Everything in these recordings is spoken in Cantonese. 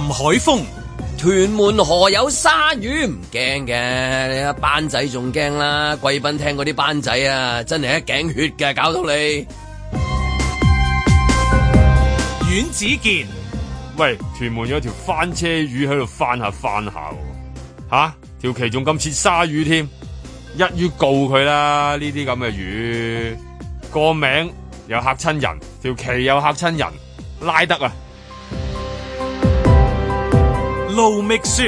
林海峰，屯門河有鯊魚唔驚嘅，你班仔仲驚啦？貴賓廳嗰啲班仔啊，真係一頸血嘅，搞到你。阮子健，喂，屯門有條翻車魚喺度翻下翻下喎，吓、啊，條鰭仲咁似鯊魚添，一於告佢啦，呢啲咁嘅魚，個名又嚇親人，條鰭又嚇親人，拉得啊！路咪書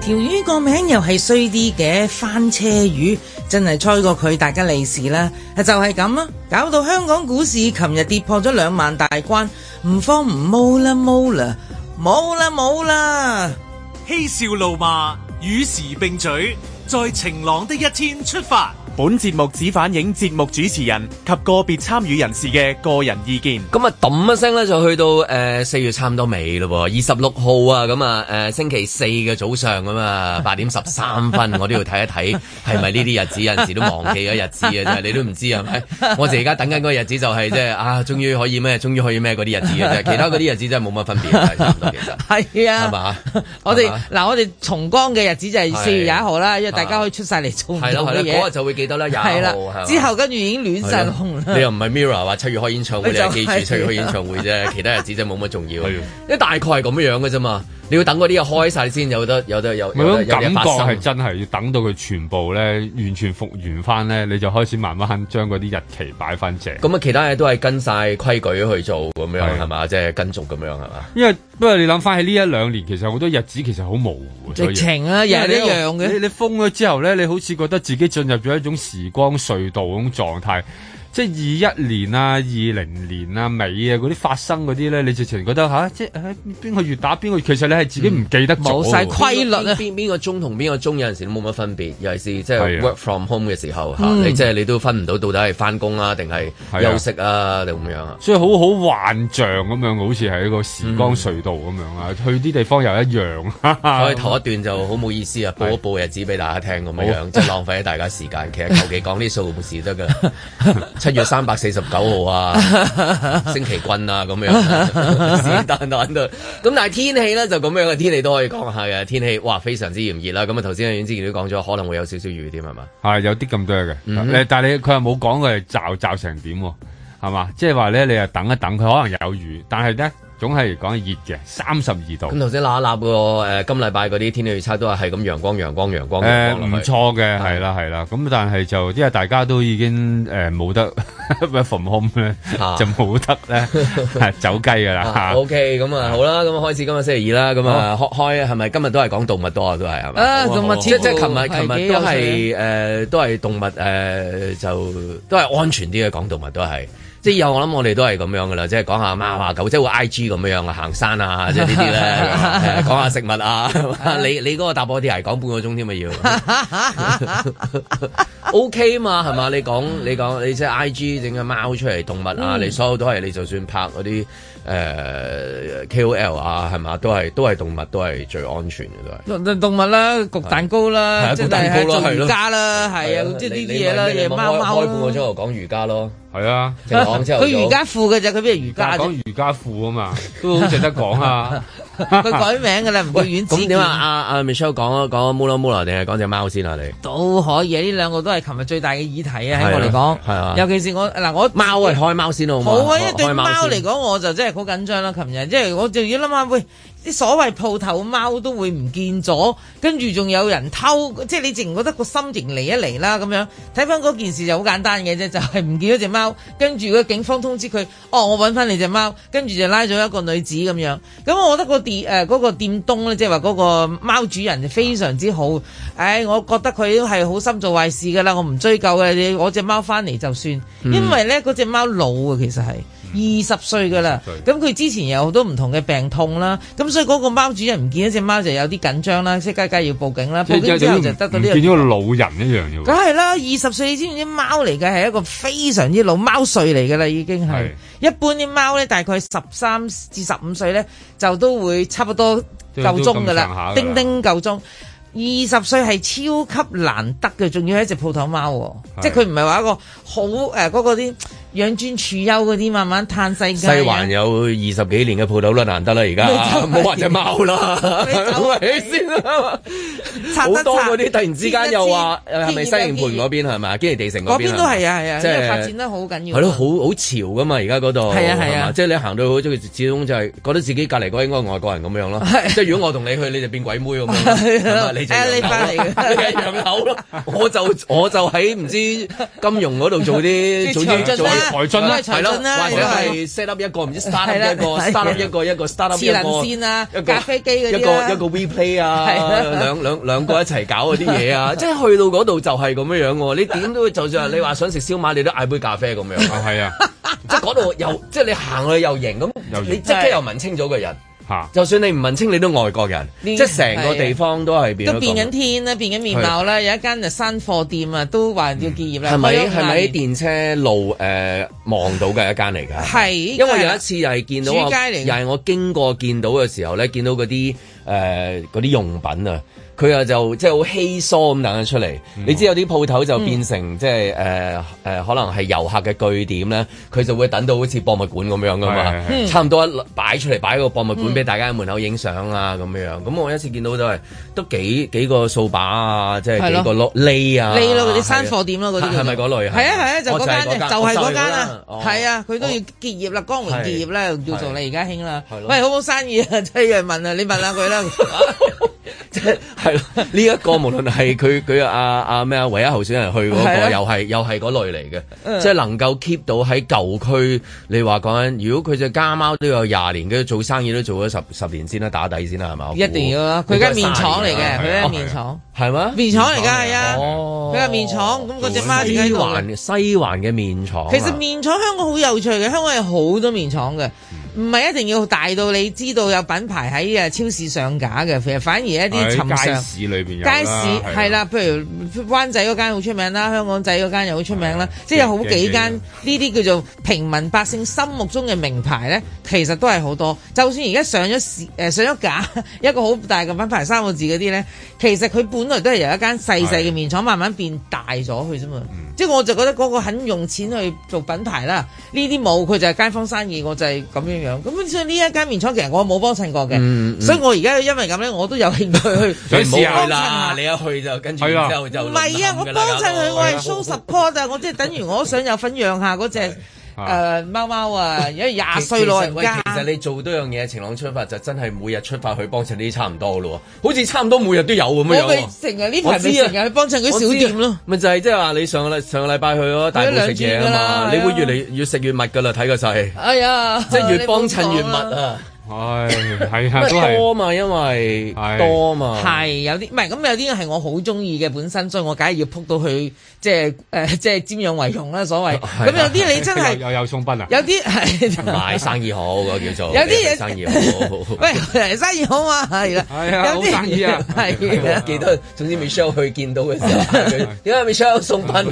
條魚個名又係衰啲嘅翻車魚，真係吹過佢，大家利是啦！就係咁啦，搞到香港股市琴日跌破咗兩萬大關，唔慌唔冇啦，冇啦，冇啦冇啦，嬉笑怒罵與時並舉，在晴朗的一天出發。本節目只反映節目主持人及個別參與人士嘅個人意見。咁啊，揼一聲咧就去到誒四、呃、月差唔多尾喎。二十六號啊，咁、呃、啊，誒星期四嘅早上啊八點十三分， 我都要睇一睇係咪呢啲日子。有陣時都忘記咗日子嘅，你都唔知啊。我哋而家等緊嗰個日子、就係，就係即係啊，終於可以咩？終於可以咩？嗰啲日子嘅其他嗰啲日子真係冇乜分別。其實係啊，係我哋嗱，我哋重光嘅日子就係四月廿一號啦，因為是、啊、大家可以出晒嚟係就會係啦，是之後跟住已經亂震空啦。你又唔係 Mirror 話七月開演唱會就記住七月開演唱會啫， 其他日子真係冇乜重要。的因為大概係咁樣嘅啫嘛。你要等嗰啲嘢開晒先有得有得有得。嗰種是感覺係真係要等到佢全部咧完全復原翻咧，你就開始慢慢將啲日期擺翻正。咁啊，其他嘢都係跟晒規矩去做咁樣係嘛？即係是、就是、跟足咁樣係嘛。因為不過你諗翻起呢一兩年，其實好多日子其實好模糊，疫情啊，以一樣嘅。你封咗之後咧，你好似覺得自己進入咗一種時光隧道咁狀態。即係二一年啊、二零年啊尾啊嗰啲發生嗰啲咧，你直情覺得吓，即係邊個月打邊個月，其實你係自己唔記得咗冇晒規律咧。邊邊個鐘同邊個鐘有陣時都冇乜分別，尤其是即係 work from home 嘅時候吓，你即係你都分唔到到底係翻工啊定係休息啊定咁樣啊，所以好好幻象咁樣，好似係一個時光隧道咁樣啊，去啲地方又一樣。所以頭一段就好冇意思啊，報一報日子俾大家聽咁樣，即係浪費大家時間。其實求其講啲數冇事得噶。七月三百四十九號啊，星期軍啊咁樣，啊、樣，是但但咁，但係天氣咧就咁樣嘅天氣都可以講下嘅天氣，哇非常熱熱、啊、之炎熱啦。咁啊頭先阿婉子健都講咗可能會有少少雨添係嘛？係有啲咁多嘅，嗯、哼但係你佢又冇講佢罩罩成點喎，係嘛？即係話咧你又等一等佢可能有雨，但係咧。總係講熱嘅，三十二度。咁頭先納一納個誒，今禮拜嗰啲天氣預測都係係咁陽光陽光陽光。誒，唔錯嘅，係啦係啦。咁但係就因為大家都已經誒冇得咩 m e 咧，就冇得咧走雞噶啦。O K，咁啊好啦，咁啊開始今日星期二啦，咁啊開開係咪今日都係講動物多啊？都係係嘛？動物即即係琴日，琴日都係誒，都係動物誒，就都係安全啲嘅講動物都係。之後我諗我哋都係咁樣噶啦，即係講下貓啊狗，即係個 I G 咁樣啊，行山啊，即係呢啲咧、 啊，講下食物啊， 你你嗰個搭播啲係講半個鐘添咪要，O K 啊嘛係嘛， 你講你講你即係 I G 整下貓出嚟動物啊，嗯、你所有都係你就算拍嗰啲。誒 KOL 啊，係嘛？都係都係動物，都係最安全嘅都係動物啦，焗蛋糕啦，即係做瑜伽啦，係啊，即係呢啲嘢啦，夜貓貓啦。開半個鐘頭講瑜伽咯，係啊，聽講之後佢瑜伽褲嘅啫，佢邊係瑜伽？講瑜伽褲啊嘛，都值得講啊！佢改名嘅啦，唔叫丸子。你點啊？阿阿 Michelle 講啊，講 Mula Mula 定係講隻貓先啊？你都可以嘅，呢兩個都係琴日最大嘅議題啊！喺我嚟講，尤其是我嗱，我貓啊，開貓先好冇啊！一對貓嚟講，我就真係～好緊張啦！琴日即係我就要諗下，喂啲所謂鋪頭貓都會唔見咗，跟住仲有人偷，即係你淨覺得個心情嚟一嚟啦咁樣。睇翻嗰件事就好簡單嘅啫，就係、是、唔見咗隻貓，跟住個警方通知佢，哦，我搵翻你隻貓，跟住就拉咗一個女子咁樣。咁我覺得個店誒嗰、呃那個、店東咧，即係話嗰個貓主人就非常之好。唉、嗯哎，我覺得佢都係好心做壞事噶啦，我唔追究嘅。我隻貓翻嚟就算，因為咧嗰隻貓老啊，其實係。二十歲噶啦，咁佢歲之前有好多唔同嘅病痛啦，咁所以嗰個貓主人唔見咗隻貓就有啲緊張啦，即係家家要報警啦。即報警之後就得到呢個。見到個老人一樣要。梗係啦，二十歲你知唔知貓嚟嘅係一個非常之老貓歲嚟噶啦，已經係是一般啲貓咧，大概十三至十五歲咧就都會差唔多夠鐘噶啦，夠鐘叮叮夠鐘，二十歲係超級難得嘅，仲要係一隻鋪頭貓，是即係佢唔係話一個好誒嗰、呃那個啲。養尊處優嗰啲，慢慢嘆世界。西環有二十幾年嘅鋪頭啦，難得啦而家，唔好話隻貓啦。走起先啦，好多嗰啲突然之間又話係咪西營盤嗰邊係咪？堅尼地城嗰邊都係啊，係啊，即係發展得好緊要。係咯，好好潮㗎嘛，而家嗰度係啊係啊，即係你行到好，即係始終就係覺得自己隔離嗰啲應該外國人咁樣咯。即係如果我同你去，你就變鬼妹咁樣，你就你翻嚟嘅，係洋口。我就我就喺唔知金融嗰度做啲做啲做。台進啦，財進啦，或者係 set up 一個唔知 startup 一個 startup 一個 startup 一個智能先啦，一個咖啡機啲啦，一個一個 WePlay 啊，兩兩兩個一齊搞嗰啲嘢啊，即係去到嗰度就係咁樣樣喎。你點都就算你話想食燒賣，你都嗌杯咖啡咁樣啊。係啊，即係嗰度又即係你行去又型咁，你即刻又問清楚個人。 就算你唔問清，你都外國人，的即成個地方都係變咗。都變緊天啦，變緊面貌啦。的有一間就新貨店啊，都話要結業啦。係咪係咪喺電車路誒望、呃、到嘅一間嚟㗎？係的，因為有一次又係見到，又係我經過見到嘅時候咧，見到嗰啲誒嗰啲用品啊。佢又就即係好稀疏咁等佢出嚟，你知有啲鋪頭就變成即係誒誒可能係遊客嘅據點咧，佢就會等到好似博物館咁樣噶嘛，差唔多擺出嚟擺個博物館俾大家喺門口影相啊咁樣。咁我一次見到就係都幾幾個掃把啊，即係幾個攞 ley 啊，ley 啲山貨店咯嗰啲，係咪嗰類啊？係啊係啊，就嗰間就係嗰間啦，係啊，佢都要結業啦，光榮結業啦，叫做你而家興啦。喂，好唔好生意啊？即係有人問啊，你問下佢啦。係呢 一個無論係佢佢阿阿咩啊，啊唯一候選人去嗰、那個、啊、又係又係嗰類嚟嘅，啊、即係能夠 keep 到喺舊區。你話講緊，如果佢隻家貓都有廿年，佢做生意都做咗十十年先啦，打底先啦，係嘛？一定要啦，佢間麵廠嚟嘅，佢間麵廠係咪？麵廠嚟噶係啊，佢係猜麵廠。咁嗰隻貓點解？西環西環嘅麵廠、啊，其實麵廠香港好有趣嘅，香港有好多麵廠嘅。唔係一定要大到你知道有品牌喺啊超市上架嘅，反而一啲尋常街市裏邊街市係啦，的的譬如灣仔嗰間好出名啦，香港仔嗰間又好出名啦，的即係有好幾間呢啲叫做平民百姓心目中嘅名牌咧，其實都係好多。就算而家上咗市誒、呃、上咗架一個好大嘅品牌三個字嗰啲咧，其實佢本來都係由一間細細嘅麵廠慢慢變大咗佢啫嘛。的即係我就覺得嗰個肯用錢去做品牌啦，呢啲冇佢就係街坊生意，我就係咁樣。咁所以呢一間麵廠其實我冇幫襯過嘅，所以我而家、嗯嗯、因為咁咧，我都有興趣去。唔好幫襯啦！你一去就跟住就就唔係啊！我幫襯佢，我係 show support，、啊、我即係等於我想有份養下嗰隻。誒，貓貓、uh, 啊，而家廿歲咯。老人家。其實你做多樣嘢，晴朗出發就真係每日出發去幫襯啲差唔多喇咯，好似差唔多每日都有咁樣。我咪成日呢排，我成日去幫襯佢啲小店咯。咪就係即係話你上個禮上個禮拜去咯，大部食嘢啊嘛，你會越嚟越食越密噶啦，睇個勢。哎呀，即係越幫襯越，越密啊！哎係係啊，多嘛，因為係多嘛，係有啲唔係咁有啲係我好中意嘅本身，所以我梗係要撲到去，即係誒，即係瞻仰為用啦，所謂咁有啲你真係有有送賓啊，有啲係買生意好，我叫做有啲嘢生意好，喂，生意好啊，係啦，係啊，有啲生意啊，係啊，記得，總之 Michelle 去見到嘅時候，點解 Michelle 送賓？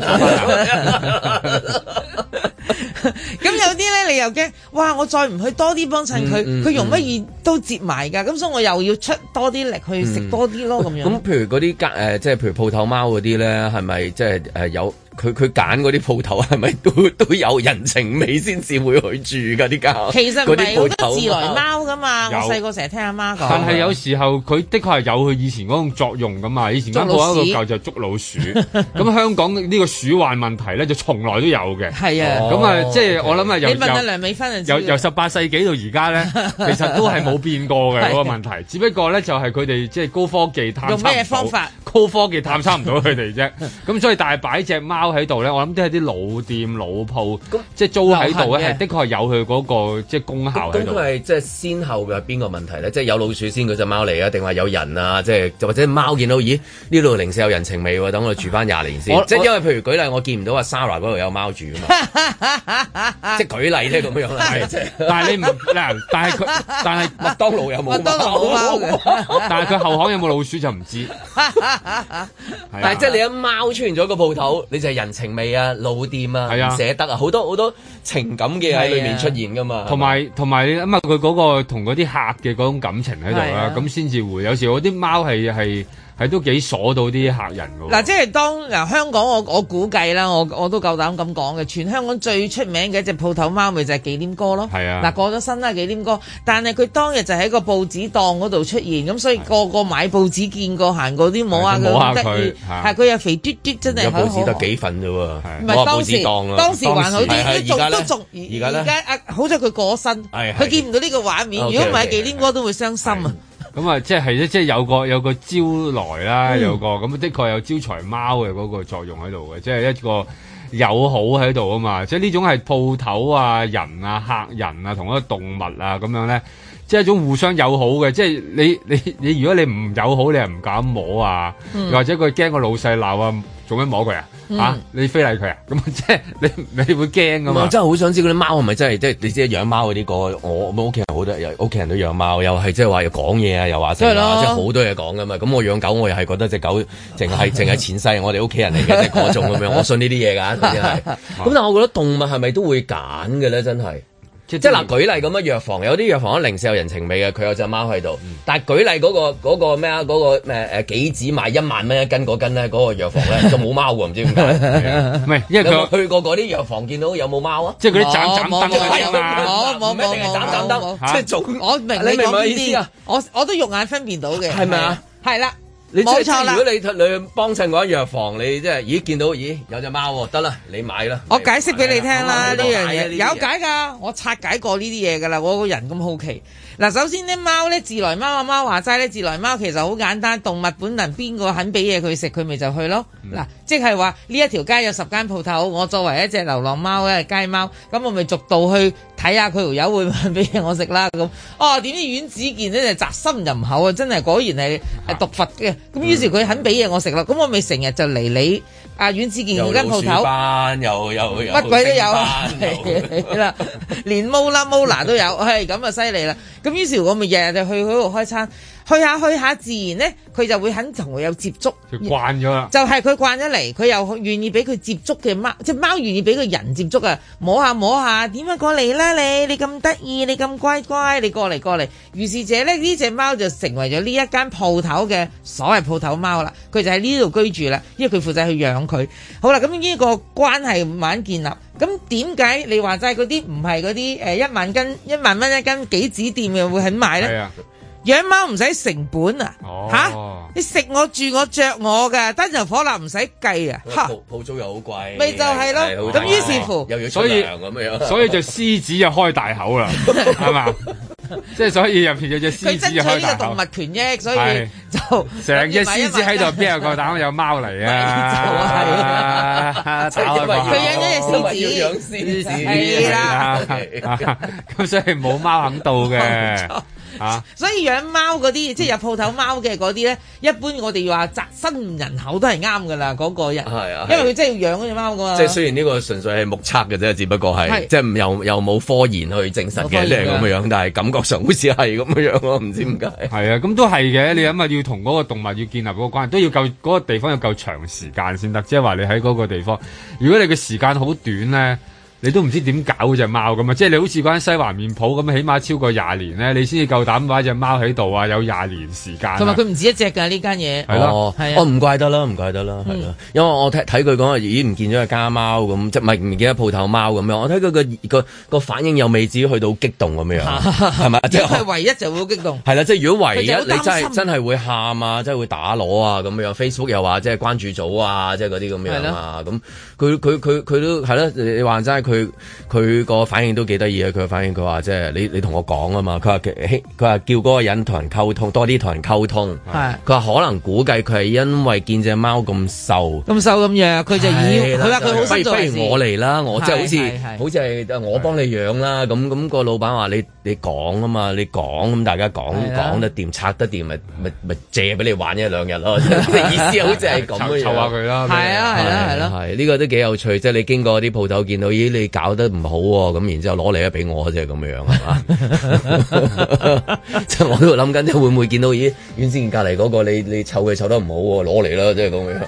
咁 有啲咧，你又驚哇！我再唔去多啲幫襯佢，佢容乜易都摺埋㗎。咁、嗯、所以我又要出多啲力去食多啲咯，咁、嗯、樣。咁、嗯、譬如嗰啲家誒即係譬如鋪頭貓嗰啲咧，係咪即係誒有？佢佢揀嗰啲鋪頭係咪都都有人情味先至會去住㗎啲家，其實唔係多自來貓㗎嘛。我細個成日聽阿媽講。但係有時候佢的確係有佢以前嗰種作用㗎嘛。以前間鋪一個舊就捉老鼠，咁香港呢個鼠患問題咧就從來都有嘅。係啊，咁啊即係我諗啊由你問阿梁美芬由由十八世紀到而家咧，其實都係冇變過嘅嗰個問題。只不過咧就係佢哋即係高科技探，用咩方法？高科技探測唔到佢哋啫。咁所以大擺隻貓。收喺度咧，我諗都係啲老店老鋪，即係租喺度咧，係的確有佢嗰個即係功效喺度。咁係即係先後嘅邊個問題咧？即係有老鼠先嗰隻貓嚟啊？定話有人啊？即係或者貓見到咦？呢度零舍有人情味喎，等我住翻廿年先。我即係因為譬如舉例，我見唔到阿 Sarah 嗰度有貓住啊嘛。 即係舉例咧咁 是樣咯。係即係，但係你唔 但係佢，但係麥當勞有冇貓啊？ 但係佢後巷有冇老鼠就唔知道。 但係即係你一貓出現咗個鋪頭， 你就是。人情味啊，老店啊，唔捨得啊，好多好多情感嘅喺裏面出現噶嘛，同埋同埋咁啊，佢嗰吧個同嗰啲客嘅嗰種感情喺度啦，咁先至會有時候我啲貓係係。係都幾鎖到啲客人㗎。嗱，即係當嗱香港我我估計啦，我我都夠膽咁講嘅，全香港最出名嘅一隻鋪頭貓咪就係忌廉哥咯。係啊。嗱過咗身啦忌廉哥，但係佢當日就喺個報紙檔嗰度出現，咁所以個個買報紙見過行過啲冇啊佢。得啊佢，係佢又肥嘟嘟真係。有報紙得幾份啫喎，唔係報紙檔啊。當時還好啲，而家咧？而家咧？而家啊，好彩佢過身，佢見唔到呢個畫面。如果唔係忌廉哥都會傷心啊。咁啊，嗯嗯嗯、即係即係有個有個招來啦，有個咁、嗯、的確有招財貓嘅嗰個作用喺度嘅，即係一個友好喺度啊嘛！即係呢種係鋪頭啊、人啊、客人啊，同一個動物啊咁樣咧，即係一種互相友好嘅。即係你你你，如果你唔友好，你係唔敢摸啊，嗯、或者佢驚個老細鬧啊。做咩摸佢啊、嗯、啊？你非禮佢啊？咁即係你你會驚噶嘛？我真係好想知道是是，啲貓係咪真係即係你知養貓嗰啲，這個，我屋企人好多屋企人都養貓，又係即係話要講嘢啊，又話成啊，即係好多嘢講噶嘛。咁我養狗，我又係覺得隻狗隻狗淨係淨係前世我哋屋企人嚟嘅，即係嗰種咁樣，我信呢啲嘢㗎。咁但係我覺得動物係咪都會揀嘅咧真係？即係嗱，舉例咁嘅藥房有啲藥房零舍有人情味嘅，佢有隻貓喺度。但係舉例嗰、嗰個嗰、嗰個咩啊，嗰個咩誒，杞子賣一萬蚊一斤嗰斤咧，嗰個藥房咧就冇貓喎。唔知點解。唔因為佢去過嗰啲藥房見到有冇貓啊？即係嗰啲盞盞燈係貓，冇冇冇冇，即係做。我明你講咩意思啊？我我都肉眼分辨到嘅，係咪啊？係啦。冇錯啦！如果你你幫襯我一藥房，你即係，咦見到咦有隻貓喎、哦，得啦，你買啦。我解釋俾你聽啦，呢樣嘢有解㗎。我拆解過呢啲嘢㗎啦。我個人咁好奇。嗱，首先呢，貓咧，自來貓啊，貓話齋咧，自來貓其實好簡單，動物本能，邊個肯俾嘢佢食，佢咪就去咯。嗱、嗯，即係話呢一條街有十間鋪頭，我作為一隻流浪貓一隻街貓，咁我咪逐度去睇下佢條友會唔會俾嘢我食啦咁。哦、啊，點知丸子見呢，就集心人口啊，真係果然係係毒佛嘅。咁於是佢肯俾嘢我食啦，咁、嗯、我咪成日就嚟你阿阮志健嗰間鋪頭，啊、又有有乜鬼都有啦，連毛啦毛啦都有，係咁啊犀利啦！咁於是，我咪日日就去佢度開餐。去下去下，自然呢，佢就會肯同佢有接觸。佢慣咗啦，就係佢慣咗嚟，佢又願意俾佢接觸嘅貓，隻貓願意俾佢人接觸啊，摸下摸下，點樣過嚟呢你，你咁得意，你咁乖乖，你過嚟過嚟。於是者呢，呢隻貓就成為咗呢一間鋪頭嘅所謂鋪頭貓啦，佢就喺呢度居住啦，因為佢負責去養佢。好啦，咁呢個關係慢慢建立。咁點解你話齋嗰啲唔係嗰啲誒一萬斤一萬蚊一斤杞子店嘅會肯買呢？養貓唔使成本啊，嚇！你食我住我着我㗎，燈油火蠟唔使計啊！哈！鋪租又好貴，咪就係咯。咁於是乎，所以隻獅子就開大口啦，係嘛？即係所以入邊有隻獅子開大口。佢爭取呢個動物權益，所以就成隻獅子喺度，邊有個膽有貓嚟啊？就係，佢養咗隻獅子，養獅子啦。咁所以冇貓肯到嘅。啊、所以養貓嗰啲，即係入鋪頭貓嘅嗰啲咧，嗯、一般我哋話宅身人口都係啱噶啦，嗰、嗰個人。啊。啊因為佢真係要養嗰隻貓噶嘛。即係雖然呢個純粹係目測嘅啫，只不過係是即係又又冇科研去證實嘅，即係咁嘅樣，但係感覺上好似係咁嘅樣咯，唔知點解。係啊，咁都係嘅。你諗下，要同嗰個動物要建立嗰個關係，都要夠嗰、嗰個地方有夠長時間先得。即係話你喺嗰個地方，如果你嘅時間好短咧。你都唔知點搞隻貓咁啊！即係你好似關西環麵鋪咁，起碼超過廿年咧，你先至夠膽擺隻貓喺度啊！有廿年時間，同埋佢唔止一隻㗎呢間嘢。係咯，哦唔怪得啦，唔怪得啦，係啦、嗯，因為我睇睇佢講已經咦唔見咗隻家貓咁，即係唔係唔見咗鋪頭貓咁樣？我睇佢個個個反應又未至於去到激動咁樣，係咪 吧？即係唯一就會激動。係啦， 即係如果唯一你真係真係會喊啊，真係會打攞啊咁樣。Facebook 又話即係關注組啊，即係嗰啲咁樣啊咁。佢佢佢佢都係咯，你話真係佢佢個反應都幾得意啊！佢個反應，佢話即係你你同我講啊嘛，佢話佢話叫嗰個人同人溝通多啲同人溝通，佢話可能估計佢係因為見隻貓咁瘦，咁瘦咁樣，佢就要佢話佢好似不如我嚟啦，我即係好似好似係我幫你養啦，咁咁個老闆話你你講啊嘛，你講咁大家講講得掂拆得掂咪咪咪借俾你玩一兩日咯，意思好似係咁嘅嘢，湊下佢啦，係啊係啊係咯，係呢個都幾有趣，即係你經過啲鋪頭見到，咦搞得唔好喎，咁然之後攞嚟咧俾我即係，咁樣係嘛？即係我都諗緊，會唔會見到咦？原先隔離嗰個，你你湊佢湊得唔好喎，攞嚟啦，即係咁樣。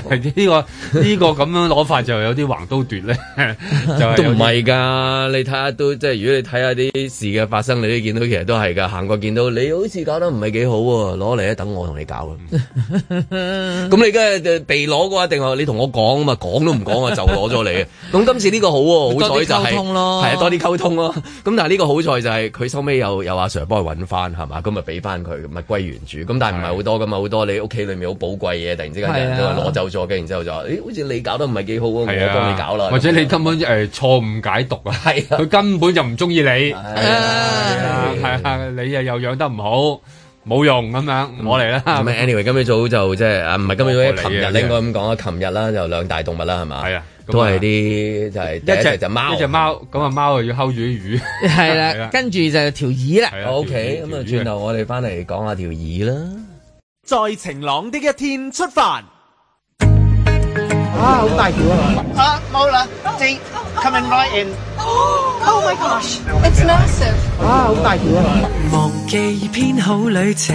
係呢個呢個咁樣攞法就有啲橫刀奪咧，都唔係㗎。你睇下都即係如果你睇下啲事嘅發生，你都見到其實都係㗎。行過見到你好似搞得唔係幾好喎，攞嚟啦，等我同你搞啦。咁你梗係被攞過一定話你同我講嘛？講都唔講啊，就攞咗。咁今次呢個好喎，好彩就係係啊多啲溝通咯。咁但係呢個好在就係佢收尾又有阿 Sir 幫佢揾翻係嘛，咁咪俾翻佢，咪物歸原主。咁但係唔係好多㗎嘛，好多你屋企裡面好寶貴嘢，突然之間攞走咗嘅，然之後就誒好似你搞得唔係幾好啊，唔好幫你搞啦，或者你根本誒錯誤解讀啊，佢根本就唔中意你，係啊係啊，你又又養得唔好，冇用咁樣，我嚟啦。咁 Anyway，今日早就即係唔係今日，琴日應該咁講啊，琴日啦就兩大動物啦，係嘛？係啊。都係啲就係一隻就貓，一隻貓咁啊貓又要睺住啲魚，係啦，跟住就條魚啦。OK，咁啊轉頭我哋翻嚟講下條魚啦。在晴朗的一天出發，啊好大條啊！啊冇啦，J coming right in。Oh my gosh，it's massive！啊好大條啊！忘記編好旅程。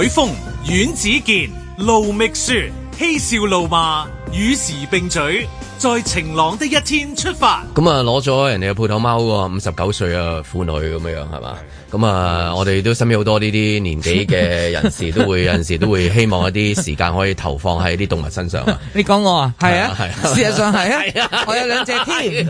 海峰、阮子健，盧覓雪，嬉笑怒罵，與時並舉。在晴朗的一天出發。咁啊，攞咗人哋嘅鋪頭貓個五十九歲啊，婦女咁樣樣係嘛？咁啊，我哋都身邊好多呢啲年紀嘅人士，都會有陣時都會希望一啲時間可以投放喺啲動物身上。你講我啊？係啊，事實上係啊，啊，我有兩隻添。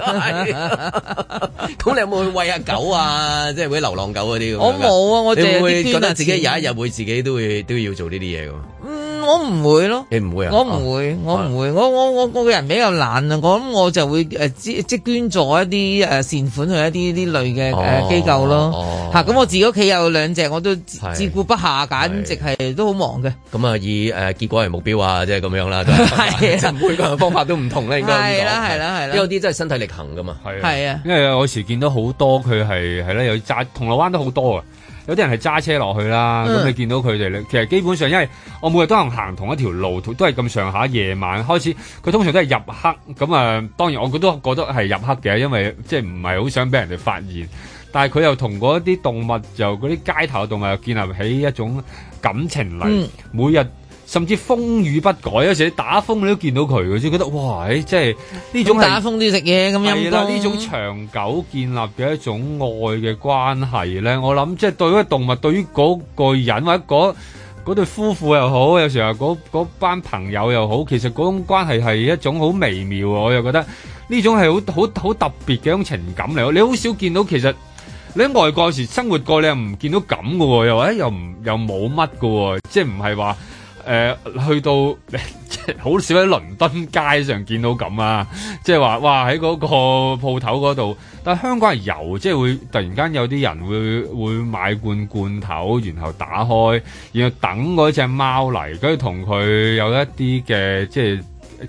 咁你有冇去喂下狗啊？即係啲流浪狗嗰啲？我冇啊，我仲係覺得自己有一日會自己都會都要做呢啲嘢噶。我唔會咯，你唔會啊？我唔會，我唔會，我我我個人比較懶啊，我諗我就會即即捐助一啲誒善款去一啲啲類嘅誒機構咯。咁我自己屋企有兩隻，我都照顧不下，簡直係都好忙嘅。咁啊，以誒結果為目標啊，即係咁樣啦，都係。每個人嘅方法都唔同咧，應該係啦，係啦，係啦。有啲真係身體力行噶嘛，係啊，因為我有時見到好多佢係係啦有要揸銅鑼灣都好多啊。有啲人係揸車落去啦，咁你見到佢哋咧，嗯、其實基本上因為我每日都行同一條路，都係咁上下，夜晚開始，佢通常都係入黑咁啊。當然，我都覺得係入黑嘅，因為即係唔係好想俾人哋發現。但係佢又同嗰啲動物，就嗰啲街頭嘅動物又建立起一種感情嚟。嗯、每日。甚至風雨不改，有時你打風你都見到佢嘅，先覺得哇！即係呢種是打風都要食嘢咁樣。呢種長久建立嘅一種愛嘅關係咧，我諗即係對嗰動物，對於嗰個人或者嗰、嗰、嗰、個、對夫婦又好，有時候嗰嗰班朋友又好，其實嗰種關係係一種好微妙。我又覺得呢種係好好好特別嘅一種情感嚟。你好少見到，其實你喺外國時時生活過，你又唔見到咁嘅喎，又誒又唔又冇乜嘅喎，即係唔係話？誒、呃、去到即係好少喺倫敦街上見到咁啊！即係話哇喺嗰個鋪頭嗰度，但係香港係有，即係會突然間有啲人會會買罐罐頭，然後打開，然後等嗰隻貓嚟，跟住同佢有一啲嘅即係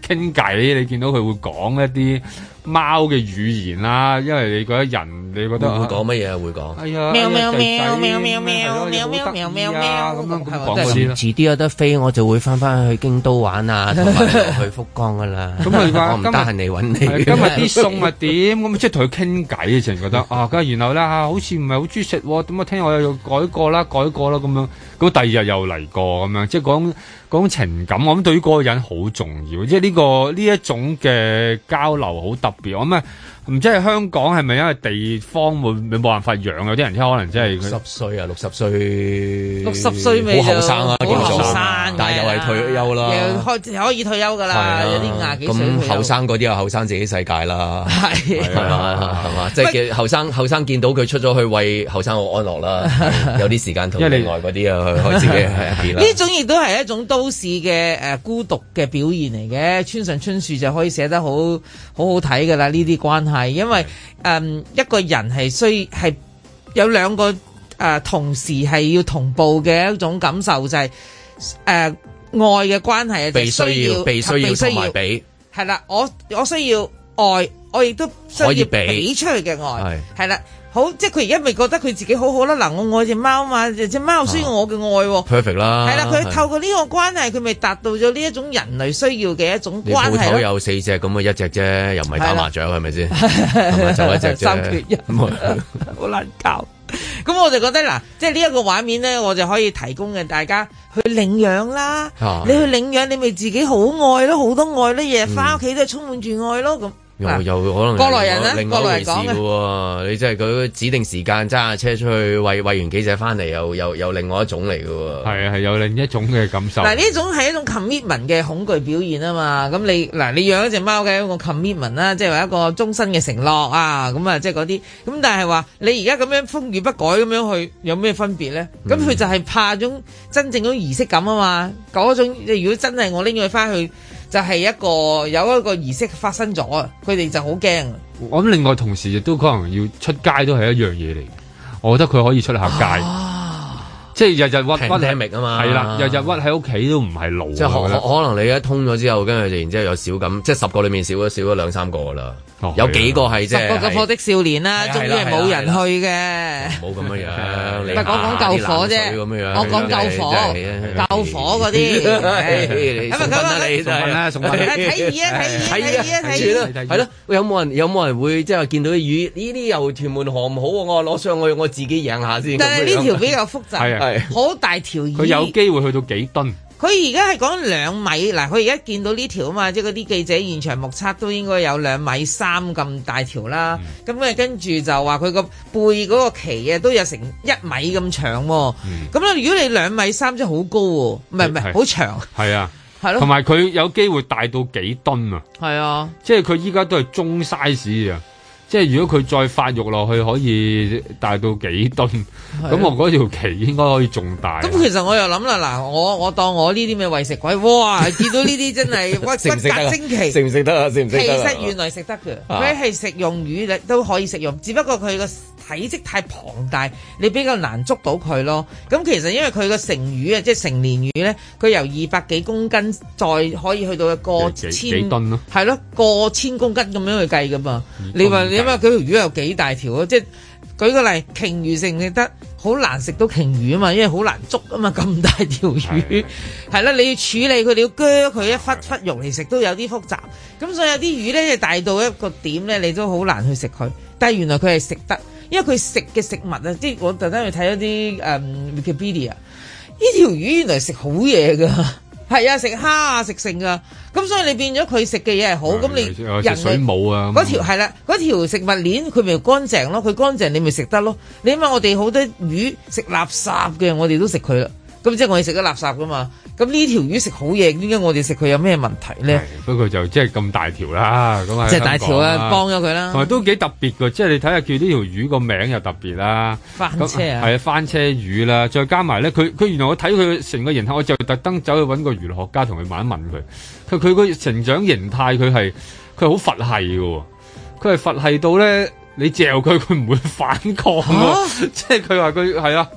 傾偈。你見到佢會講一啲。貓嘅語言啦，因為你覺得人，你覺得會講乜嘢啊？會講。係啊。喵喵喵喵喵喵喵喵喵咁樣咁講。遲啲有得飛，我就會翻翻去京都玩啊，同埋去福岡㗎啦。咁咪啩？今日唔得閒嚟揾你。今日啲餸係點？咁咪即係同佢傾偈啊！先覺得啊，咁然後咧好似唔係好中意食喎，咁啊聽日我又改個啦，改個啦咁樣。咁第二日又嚟過咁樣，即係嗰種情感，我諗對於嗰個人好重要，即係呢個呢一種嘅交流好特。比方呢，唔知係香港係咪因為地方會冇辦法養？有啲人可能真係十歲啊，六十歲，六十歲未好後生啊，好後生，但又係退休啦，又可以退休噶啦，有啲廿幾歲咁後生嗰啲啊，後生自己世界啦，係係係嘛？即係後生後生見到佢出咗去為後生好安樂啦，有啲時間同另外嗰啲啊去自己呢種亦都係一種都市嘅誒孤獨嘅表現嚟嘅。村上春樹就可以寫得好好好睇噶啦，呢啲關係。係，因為誒，一個人係需係有兩個誒，同時係要同步嘅一種感受，就係誒愛嘅關係啊，必須要，必須要俾，係啦，我我需要愛，我亦都需要俾出去嘅愛，係啦。好，即係佢而家咪覺得佢自己好好啦。嗱，我愛隻貓嘛，隻貓需要我嘅愛，哦啊。perfect 啦，係啦，佢透過呢個關係，佢咪達到咗呢一種人類需要嘅一種關係。你鋪頭有四隻咁嘅，一隻啫，又唔係打麻雀係咪先？係咪就一隻啫？三缺一，好 難搞！咁 我就覺得嗱，即係呢一個畫面咧，我就可以提供嘅大家去領養啦。啊、你去領養，你咪自己好愛咯，好多愛呢，日日翻屋企都充滿住愛咯咁。嗯又又可能係另外一回事嘅喎，你即係佢指定時間揸下車出去喂餵，餵完記者翻嚟，又又又另外一種嚟嘅喎。係啊，係有另一種嘅感受。嗱，呢種係一種 commitment 嘅恐懼表現啊嘛。咁你嗱，你養一隻貓嘅一個 commitment 啦，即係話一個終身嘅承諾啊。咁啊，即係嗰啲。咁但係話你而家咁樣風雨不改咁樣去，有咩分別咧？咁佢、嗯、就係怕種真正嗰種儀式感啊嘛。嗰種如果真係我拎佢翻去。就係一個有一個儀式發生咗，佢哋就好驚。我諗另外同時亦都可能要出街都係一樣嘢嚟。我覺得佢可以出下街，啊、即係日日屈屈喺明啊嘛。係啦 Pandemic，日日屈喺屋企都唔係路。即係可能你一通咗之後，跟住就然之後有少咁，即係十個裏面少咗少咗兩三個啦。有幾個係啫？十個救火的少年啦，終於係冇人去嘅。冇咁嘅樣，你講講講救火啫。我講救火，救火嗰啲。咁啊咁啊，你重問啦，睇魚啊，睇魚，睇魚啊，睇魚。係咯，有冇人有冇人會即係見到啲魚？呢啲由屯門河唔好喎，我攞上去我自己養下先。但係呢條比較複雜，係啊，好大條魚。佢有機會去到幾噸。佢而家係講兩米，嗱，佢而家見到呢條啊嘛，即係嗰啲記者現場目測都應該有兩米三咁大條啦。咁咧、嗯、跟住就話佢個背嗰個旗啊，都有成一米咁長喎。咁咧、嗯，如果你兩米三即，即係好高喎，唔係唔係好長。係啊，係咯、 啊。同埋佢有機會大到幾噸啊？係啊，即係佢依家都係中 size 啊。即係如果佢再發育落去，可以大到幾噸，咁的我嗰條鰭應該可以仲大。咁其實我又諗啦，嗱，我我當我呢啲咩餵食鬼，哇！見到呢啲真係 不吃不隔精鰭，食唔食得？食唔食得啊？其實原來食得嘅，佢係食用魚你都可以食用，只不過佢個體積太龐大，你比較難捉到佢咯。咁、嗯、其實因為佢個成魚啊，即成年魚呢，佢由二百幾公斤，再可以去到一個千幾幾噸咯、啊，係咯，過千公斤咁樣去計噶嘛。你話你諗下，佢條魚有幾大條啊？即係舉個例，鯨魚食唔食得？好難食到鯨魚啊嘛，因為好難捉啊嘛，咁大條魚係啦的， 你要處理佢你要鋸，佢一忽忽肉嚟食都有啲複雜。咁所以有啲魚呢，係大到一個點呢，你都好難去食佢。但原來佢係食得。因為佢食嘅食物啊，即係我特登去睇咗啲誒 Wikipedia，呢條魚原來食好嘢㗎，係啊，食蝦啊食剩㗎，咁所以你變咗佢食嘅嘢係好，咁的你者人類水母啊嗰條係啦，嗰、嗯、條食物鏈佢咪乾淨咯，佢乾淨你咪食得咯，你諗下我哋好多魚食垃圾嘅，我哋都食佢啦。咁即係我哋食得垃圾噶嘛？咁呢條魚食好嘢，點解我哋食佢有咩問題咧？不過就即係咁大條啦，咁啊即係大條啊，幫咗佢啦，同埋都幾特別噶，即係你睇下叫呢條魚個名又特別啦，翻車啊？係啊，嗯、翻車魚啦，再加埋咧，佢佢原來我睇佢成個形態，我就特登走去搵個魚類學家同佢問一問佢，佢佢個成長形態佢係佢好佛系噶、哦，佢係佛係到咧你嚼佢佢唔會反抗，即係佢話佢係啊。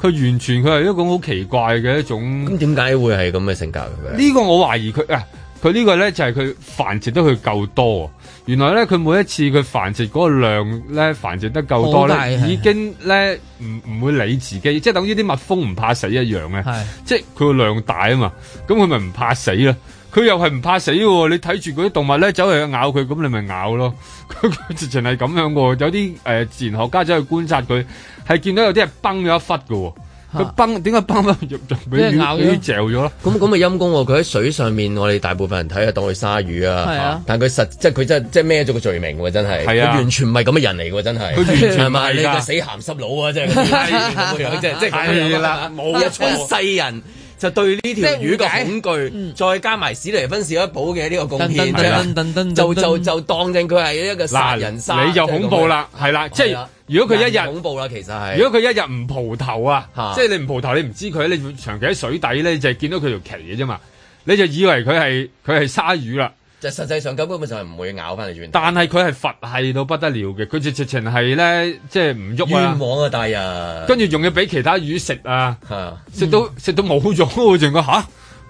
佢完全佢係一個好奇怪嘅一種，咁點解會係咁嘅性格嘅？呢個我懷疑佢啊，佢呢個咧就係佢繁殖得佢夠多，原來咧佢每一次佢繁殖嗰個量咧繁殖得夠多咧，大已經咧唔唔會理自己，的即係等於啲蜜蜂唔怕死一樣嘅，的即係佢個量大啊嘛，咁佢咪唔怕死咯，佢又係唔怕死喎。你睇住嗰啲動物咧走嚟去咬佢，咁你咪咬咯，佢佢直情係咁樣喎。有啲誒自然學家走去觀察佢。係見到有啲人崩咗一忽嘅，佢崩，點解崩咗？俾咬嚼咗啦。咁咁咪陰功喎！佢喺水上面，我哋大部分人睇下當佢鯊魚啊，但佢實即係佢真係即係孭咗個罪名喎！真係，佢完全唔係咁嘅人嚟喎！真係，佢完全唔係你個死鹹濕佬啊！真係即係即係。啦，無出世人。就對呢條魚嘅恐懼，解再加埋史提芬史匹堡嘅呢個貢獻、嗯、就，就就就當正佢係一個殺人殺。你就恐怖啦，係啦，了即係如果佢一日恐怖啦，其實係如果佢一日唔蒲頭啊，即係你唔蒲頭，你唔知佢，你長期喺水底咧，就係見到佢條鰭嘅啫嘛，你就以為佢係佢係鯊魚啦。就實際上根本上係唔會咬翻你轉，但係佢係佛系到不得了嘅，佢就直情係咧，即係唔喐啊！冤枉啊大人，跟住仲要俾其他魚食啊，食到食到冇咗喎，仲講嚇。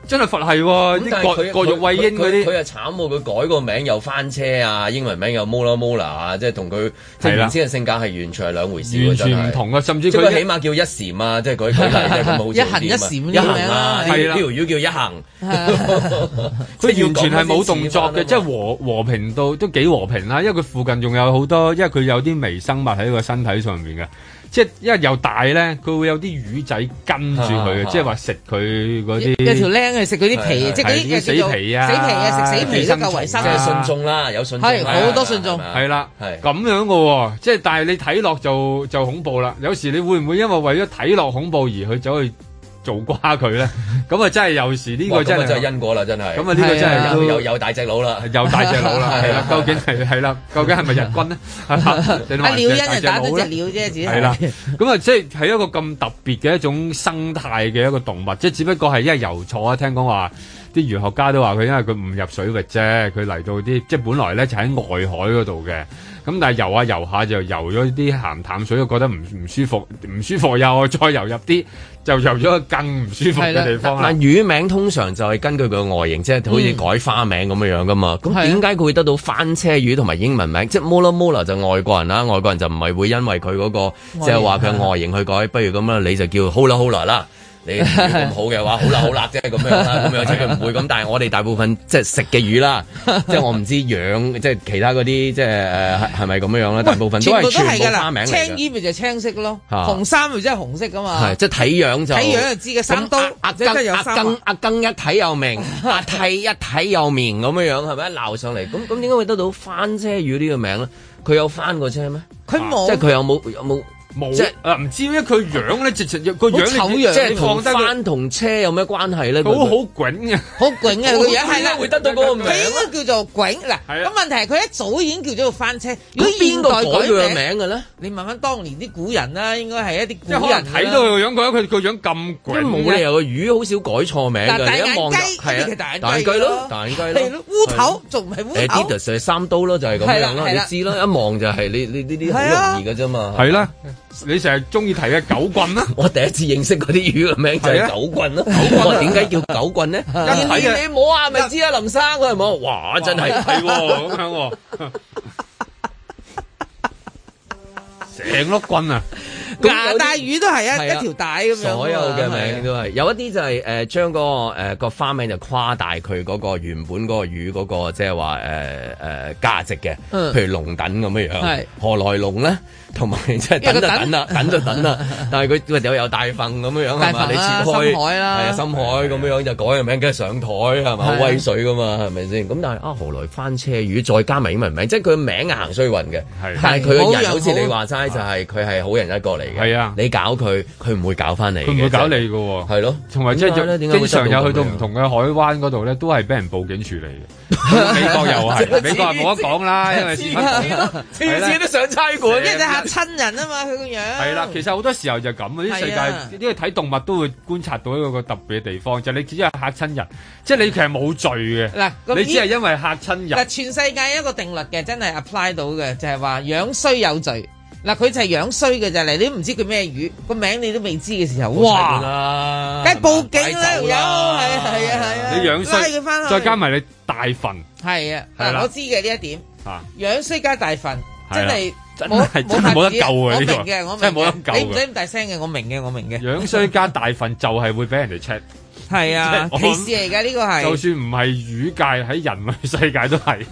真係佛系喎！咁但係佢英嗰啲，佢係慘喎。佢改個名又翻車啊，英文名又 Mola Mola 啊，即係同佢原先嘅性格係完全係兩回事喎，真係。完全唔同啊！甚至佢起碼叫一閃啊，即係嗰啲一行一閃，一行啊，呢條魚叫一行。佢完全係冇動作嘅，即係和和平到都幾和平啦。因為佢附近仲有好多，因為佢有啲微生物喺個身體上面嘅。即係因為又大咧，佢會有啲魚仔跟住佢嘅，即係話食佢嗰啲有條靚去食嗰啲皮，即係嗰啲死皮啊，死皮啊，食死皮都夠為生，有信眾啦，有信係好多信眾係啦，係咁樣嘅，即係但係你睇落就就恐怖啦，有時你會唔會因為為咗睇落恐怖而去走去？做瓜佢咧，咁啊真係有時呢個真係因果啦，真係。咁啊呢個真係有大隻佬啦，有大隻佬啦，係啦、 啊。究竟係係啦，究竟係咪日軍咧？係鳥因就打咗隻鳥啫，係啦。咁啊，即係一個咁特別嘅一種生態嘅一個動物，即係 只不過係因為游錯啊，聽講話。啲魚學家都話佢因為佢唔入水嘅啫，佢嚟到啲即係本來咧就喺、是、外海嗰度嘅，咁但係遊下游下、啊啊、就游咗啲鹹淡水，就覺得唔唔舒服，唔舒服又再遊入啲，就游咗個更唔舒服嘅地方啦。但魚名通常就係根據佢外形，即係好似改花名咁樣樣噶嘛。咁點解佢會得到翻車魚同埋英文名？是的即係 Mola Mola 就外國人啦，外國人就唔係會因為佢嗰、嗰個即係話佢外形去改，的不如咁啦，你就叫 Holo Holo 啦。你咁好嘅話，好辣好辣即係咁樣啦，咁樣即係佢唔會咁。但係我哋大部分即係食嘅魚啦，即係我唔知養即係其他嗰啲即係係咪咁樣啦？大部分都係花名青衣咪就係青色咯，紅衫咪即係紅色㗎嘛。即係睇樣就睇樣就知嘅。三刀阿根阿更，阿根一睇又明，阿剃一睇又明咁樣樣係咪？一鬧上嚟咁咁點解會得到翻車魚呢個名咧？佢有翻過車咩？佢冇，即係佢有冇有冇？即係啊，唔知咧佢樣咧，實實個樣好醜樣，即係同翻同車有咩關係咧？好好滾嘅，好滾嘅個樣係會得到個名，佢應該叫做滾嗱。咁問題係佢一早已經叫做翻車。如果邊個改佢名嘅咧？你問翻當年啲古人啦，應該係一啲古人睇到佢個樣，覺得佢個樣咁滾，冇理由個魚好少改錯名嘅。嗱，大眼雞，係啊，大眼雞咯，大眼雞咯，烏頭仲係烏頭，就係三刀咯，就係咁樣咯，你知啦，一望就係你呢呢啲好容易嘅啫嘛，係啦。你成日中意提嘅狗棍啦、啊， 我第一次認識嗰啲魚嘅名就係狗棍啦、啊。狗棍點解叫狗棍呢？睇 你摸啊，咪知啊，林生佢只摸，哇！哇真係係喎，咁、 哦、樣喎、哦，成 碌棍啊！牙大魚都係一一條帶咁樣，所有嘅名都係有一啲就係誒，將個誒個花名就誇大佢嗰個原本嗰個魚嗰個即係話誒誒價值嘅，譬如龍躉咁樣樣，何來龍咧？同埋即係躉就躉啦，躉就躉啦。但係佢佢又有大份咁樣樣係嘛？你切開，深海啦，係啊，深海咁樣樣就改個名，梗係上台係嘛？好威水噶嘛？係咪先？咁但係啊，何來翻車魚再加埋英文名，即係佢個名係行衰運嘅，但係佢嘅人好似你話齋，就係佢係好人一個嚟。係啊，你搞佢，佢唔會搞翻你，佢唔會搞你嘅。係咯，同埋即係，經常有去到唔同嘅海灣嗰度咧，都係俾人報警處理嘅。美國又係，美國冇得講啦，因為次次都上差館，因為你嚇親人啊嘛，佢個樣。係啦，其實好多時候就咁啊，啲世界，因為睇動物都會觀察到一個特別嘅地方，就係你只係嚇親人，即係你其實冇罪嘅。嗱，你只係因為嚇親人。全世界一個定律嘅，真係 apply 到嘅，就係話樣衰有罪。嗱佢就係樣衰嘅咋，嚟你都唔知佢咩魚，個名你都未知嘅時候，哇！梗係報警啦，有係啊係啊係啊，你樣衰，佢翻，再加埋你大份，係啊，我知嘅呢一點，樣衰加大份真係，真係真係冇得救嘅呢個，真係冇得救嘅，你唔使咁大聲嘅，我明嘅，我明嘅，樣衰加大份就係會俾人哋 check，係啊，歧視嚟㗎呢個係，就算唔係魚界喺人類世界都係。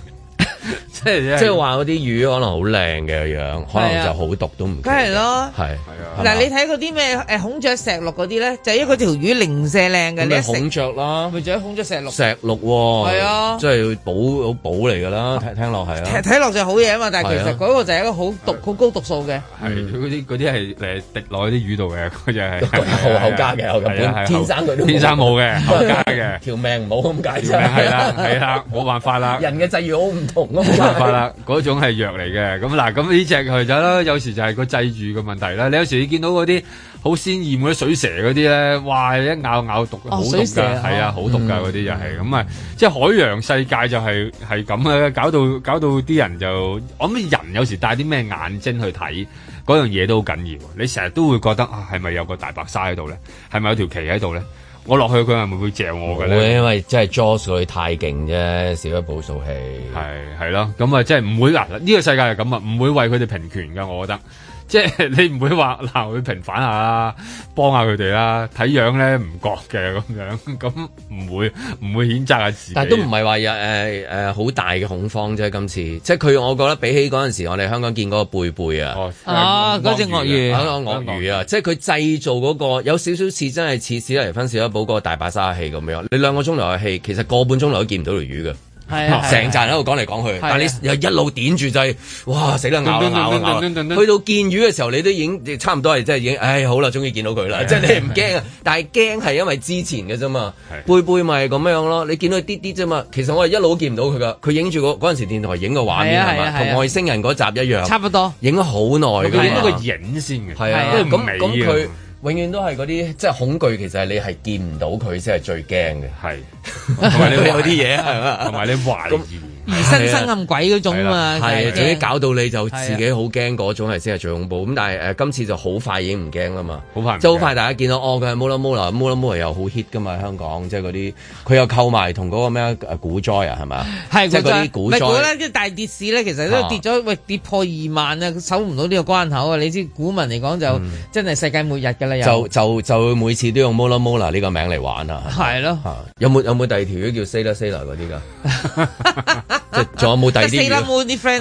即係即係話嗰啲魚可能好靚嘅樣，可能就好毒都唔。梗係咯，係係啊。嗱，你睇嗰啲咩誒孔雀石綠嗰啲咧，就係因為條魚零舍靚嘅。咪孔雀咯，佢就係孔雀石綠。石綠係啊，即係補好補嚟噶啦，聽落係啊。睇落就好嘢啊嘛，但係其實嗰個就係一個好毒、好高毒素嘅。係，嗰啲嗰啲係滴落去啲魚度嘅，嗰隻係後加嘅。天生佢天生冇嘅，後加嘅。條命唔好咁解，係啦係啦，冇辦法啦。人嘅際遇好唔同。冇 辦法啦，嗰種係藥嚟嘅。咁嗱，咁呢隻就係啦，有時就係個制住嘅問題啦。你有時你見到嗰啲好鮮豔嗰啲水蛇嗰啲咧，哇！一咬咬咬毒，好毒㗎，係、哦、啊，好、嗯、毒㗎嗰啲就係咁啊。即係海洋世界就係係咁嘅。搞到搞到啲人就我諗人有時戴啲咩眼睛去睇嗰樣嘢都好緊要。你成日都會覺得啊，係咪有個大白鯊喺度咧？係咪有條鰭喺度咧？我落去佢係咪會借我嘅咧？唔會，因為真係 Joey 佢太勁啫，少一部數氣。係係咯，咁啊真係唔會嗱，呢個世界係咁啊，唔會為佢哋平權噶，我覺得。即係你唔會話嗱，去平反下、幫下佢哋啦，睇樣咧唔覺嘅咁樣，咁唔會唔會譴責啊！但係都唔係話有誒誒好大嘅恐慌啫，今次即係佢，我覺得比起嗰陣時我哋香港見嗰個貝貝啊，啊嗰隻鱷魚，鱷魚啊，即係佢製造嗰、那個有少少似真係似史提芬史匹堡嗰個大白鯊戲咁樣，你兩個鐘頭嘅戲，其實個半鐘頭都見唔到條魚嘅。係成站喺度講嚟講去，但係你又一路點住就係，哇死啦咬咬咬，去到見魚嘅時候你都已經差唔多係，即係已經，唉好啦，終於見到佢啦，即係你唔驚啊，但係驚係因為之前嘅啫嘛，貝貝咪咁樣咯，你見到啲啲啫嘛，其實我係一路都見唔到佢噶，佢影住個嗰陣時電台影嘅畫面係嘛，同外星人嗰集一樣，差不多，影咗好耐，佢影到個影先嘅，係啊，咁咁佢。永遠都係嗰啲即係恐懼，其實你係見唔到佢先係最驚嘅，係同埋你有啲嘢係咪，同埋你懷疑。 疑心生暗鬼嗰種啊嘛，係，自己搞到你就自己好驚嗰種係先係最恐怖。咁但係今次就好快已經唔驚啦嘛，好快，即係好快大家見到哦，佢係 Molomola，Molomola 又好 hit 㗎嘛，香港，即係嗰啲佢又購賣同嗰個咩股災啊係咪？係即係嗰啲股災，咪股呢啲即係大跌市呢，其實都跌咗，喂跌破二萬啊，守唔到呢個關口啊，你知股民嚟講就真係世界末日㗎啦又，就就就每次都用 Molomola 呢個名嚟玩啊，係咯，有冇有冇第二條叫 Sila Sila 嗰啲㗎？仲有冇第啲？即係啦，啲 friend 係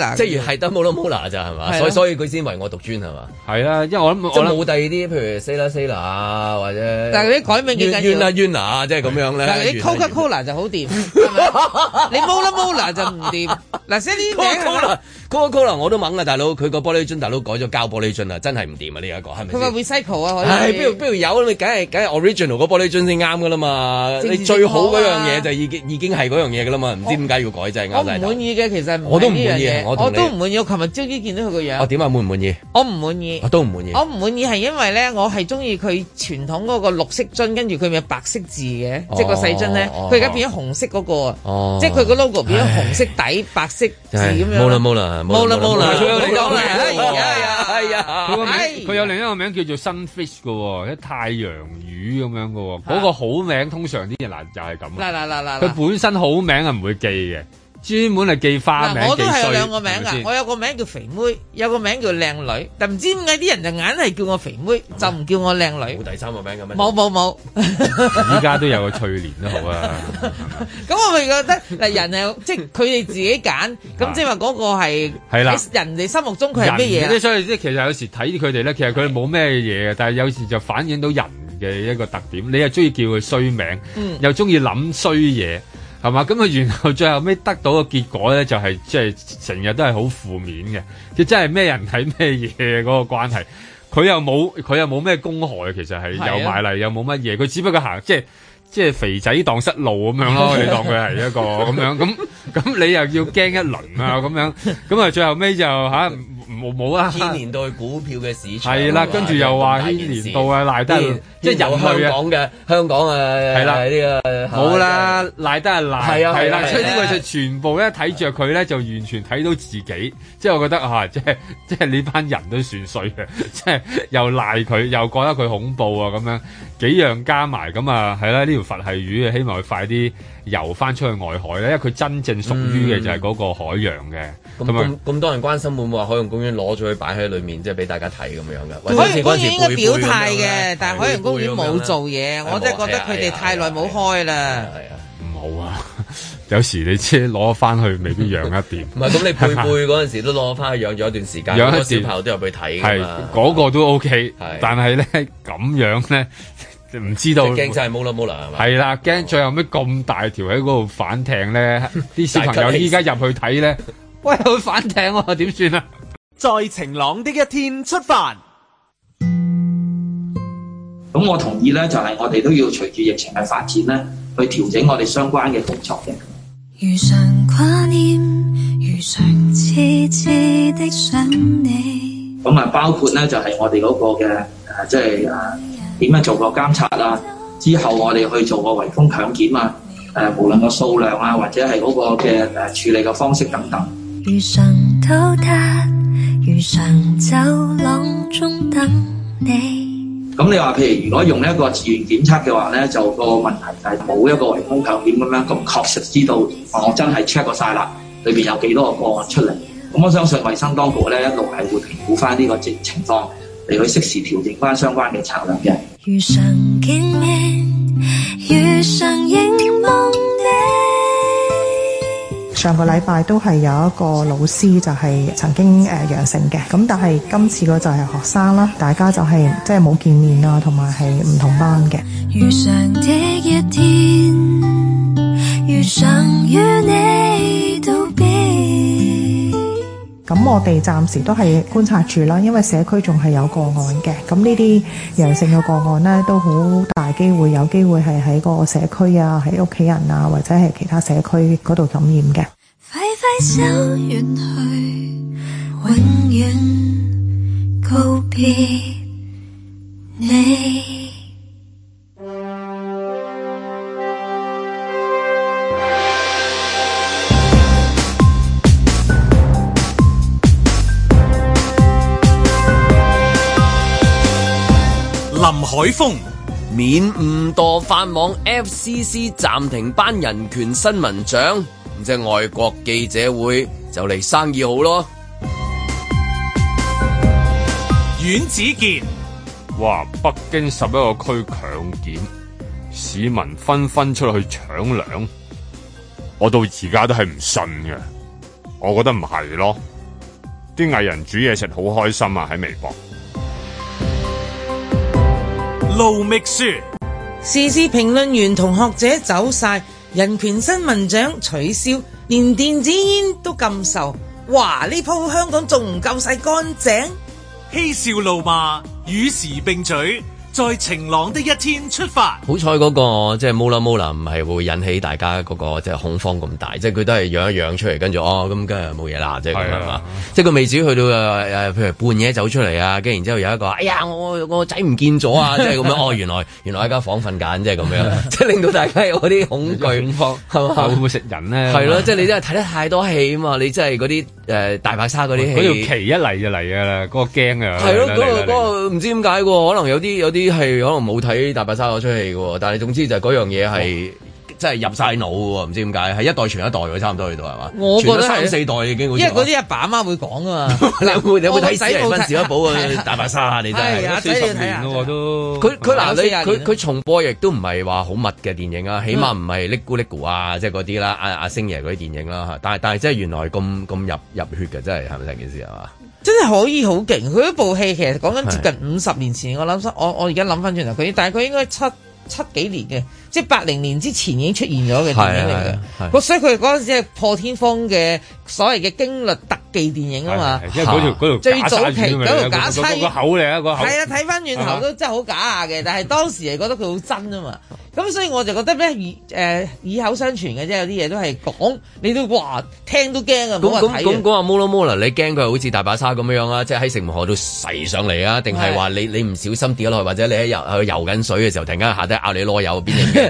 啦，即係如係得冇啦，冇啦咋係嘛？所以所以佢先唯我獨尊係嘛？係啊，因為我我冇第啲，譬如啦啦或者但係你改名幾緊要？啦即係咁樣咧。但係你 Coca-Cola 就好掂，你冇啦冇啦就唔掂，嗱 Coca-Cola。call call 啦，我都掹啊，大佬，佢個玻璃樽，大佬改咗膠玻璃樽啦，真係唔掂啊！呢一個係咪？佢咪 recycle 啊？係，邊度邊度有？你梗係梗係 original 個玻璃樽先啱噶啦嘛！你最好嗰樣嘢就已經已經係嗰樣嘢噶啦嘛！唔知點解要改，真係啱曬。我唔滿意嘅，其實我都唔滿意，我同你我都唔滿意。我琴日朝早見到佢個樣，我點啊滿唔滿意？我唔滿意，我都唔滿意。我唔滿意係因為咧，我係中意佢傳統嗰個綠色樽，跟住佢咪白色字嘅，即係個細樽咧。佢而家變咗紅色嗰個，即係佢個 logo 變咗紅色底白色字咁樣。冇啦冇啦。冇啦冇啦，仲有呢個名，係啊係啊，佢佢有另一個名叫做 sunfish 嘅喎，啲太陽魚咁樣嘅喎，嗰個好名，通常啲人嗱，又係咁，嗱嗱嗱嗱，佢本身好名係唔會記嘅。專門係記花名，我都係有兩個名噶。我有個名叫肥妹，有個名叫靚女。但唔知點解啲人就硬係叫我肥妹，就唔叫我靚女。冇第三個名咁樣。冇冇冇。依家都有個翠年都好啊。咁我咪覺得嗱，人又即係佢哋自己揀，咁即係話嗰個係人哋心目中佢係咩嘢？所以即係其實有時睇佢哋咧，其實佢哋冇咩嘢，但係有時就反映到人嘅一個特點。你又中意叫佢衰名，又中意諗衰嘢。係嘛？咁佢然後最後屘得到嘅結果咧、就係，就係即係成日都係好負面嘅。即真係咩人睇咩嘢嗰個關係，佢又冇佢又冇咩公害，其實係是、啊、又買嚟又冇乜嘢，佢只不過行即係。即係肥仔蕩失路咁樣咯，你當佢係一個咁樣咁咁，你又要驚一輪啊咁樣咁啊，最後尾就吓，冇冇啊！千年代股票嘅市場係啦，跟住又話千年度啊，賴得即係由香港嘅香港啊，係啦呢個冇啦，賴得係賴係啊，係啦，所以呢個就全部咧睇着佢咧，就完全睇到自己。即係我覺得嚇，即係即係呢班人都算衰嘅，即係又賴佢，又覺得佢恐怖啊咁樣。幾樣加埋咁啊，係啦，呢條佛系魚希望佢快啲游翻出去外海咧，因為佢真正屬於嘅就係嗰個海洋嘅，同埋咁多人關心會唔會話海洋公園攞咗去擺喺裏面，即係俾大家睇咁樣噶？海洋公園應該表態嘅，但係海洋公園冇做嘢，我真係覺得佢哋太耐冇開啦。唔好啊，有時你車攞翻去未必養一掂。唔係咁，你貝貝嗰陣時都攞翻去養咗一段時間，有小朋友都有去睇噶嘛。係嗰個都 OK，但係咧咁樣咧。唔知道，驚就係冇啦冇啦係啦，驚最後咩咁大條喺嗰度反艇咧？啲 小朋友依家入去睇咧， 喂，佢反艇啊，點算啊？在晴朗的一天出發。咁我同意咧，就係、是、我哋都要隨住疫情嘅發展咧，去調整我哋相關嘅工作嘅。咁啊，包括咧就係、是、我哋嗰個嘅誒，即係誒。就是啊點樣做個監察啊？之後我哋去做個圍封強檢啊！誒、呃，無論個數量啊，或者係嗰個嘅誒處理嘅方式等等。走中咁你話，譬如如果用一個自願檢測嘅話咧，就個問題就係冇一個圍封強檢咁樣咁確實知道，啊、我真係 check 咗晒啦，裏面有幾多個個案出嚟？咁我相信衛生當局咧一路係會評估翻呢個情情況。可以適時調整翻相關嘅策略嘅。上個禮拜都係有一個老師就係曾經誒、呃、陽性嘅，咁但係今次個就係學生啦，大家就係即係冇見面啊，同埋係唔同班嘅。如咁我哋暫時都係觀察住啦，因為社區仲係有個案嘅。咁呢啲陽性嘅個案呢，都好大機會有機會係喺個社區啊，喺屋企人啊，或者係其他社區嗰度感染嘅。揮揮手，遠去，永遠，告別你。林海峰免誤墮法網，FCC 暫停頒人權新聞獎，即係外國記者會就嚟生意好咯。阮子健，哇！北京十一個區強檢，市民紛紛出去搶糧，我到而家都係唔信嘅，我覺得唔係咯。啲藝人煮嘢食好開心啊，喺微博。路未舒，密書時事評論員同學者走晒，人權新聞獎取消，連電子煙都禁售。哇！呢鋪香港仲唔夠晒乾淨？嬉笑怒罵，與時並舉。在晴朗的一天出發。好彩、那、嗰個即係冇啦冇啦，唔、就、係、是、會引起大家嗰、那個即係、就是、恐慌咁大。即係佢都係養一養出嚟，跟住哦咁，跟住冇嘢啦，即係咁啊！即係佢未至於去到誒、呃、譬如半夜走出嚟啊，跟住然之後有一個，哎呀，我我個仔唔見咗啊！即係咁樣 哦，原來原來喺間房瞓緊，即係咁樣，即係 令到大家有嗰啲恐懼恐慌，係嘛？會唔會食人呢？係咯，即、就、係、是、你真係睇得太多戲啊嘛！你真係嗰啲誒大白鯊嗰啲戲，嗰條鰭一嚟就嚟、那個、的啊！嗰、那個驚啊！係咯啦，嗰個唔知點解喎？可能有啲有啲。啲係可能冇睇《大白鯊》嗰出戲嘅，但係總之就嗰樣嘢係真係入晒腦喎，唔知點解係一代傳一代差唔多去到，係嘛？我覺得三四代已經，因為嗰啲阿爸阿媽會講啊，你有冇睇過《小不時》啊？《寶》啊，《大白鯊》，你真係都。佢佢男佢佢重播亦都唔係話好密嘅電影啊，起碼唔係《叻姑叻姑》啊，即係嗰啲啦，阿星爺嗰啲電影啦，但係但係真係原來咁咁入入血嘅，真係係咪成件事係嘛？真係可以好勁，佢一部戲其實講緊接近五十年前，是的 我諗我我而家諗翻轉頭佢，但係佢應該七七幾年嘅。即係八零年之前已經出現咗嘅電影嚟嘅，所以佢嗰陣時係破天荒嘅、所謂嘅驚慄特技電影啊嘛。即係嗰條嗰條假草，妻。個口嚟啊，口嗰個口。係啊，睇返轉頭都真係好假嘅，但係當時係覺得佢好真啊嘛。咁所以我就覺得咧，以，呃、以口相傳嘅啫，有啲嘢都係講，你都話聽都驚啊，冇話睇。咁咁咁講下摩羅摩羅，你驚佢好似大把沙咁樣啊？即係喺城門河度滲上嚟啊？定係話你你唔小心跌落去，或者你喺遊去緊水嘅時候，突然間下低咬你攞右邊嚟。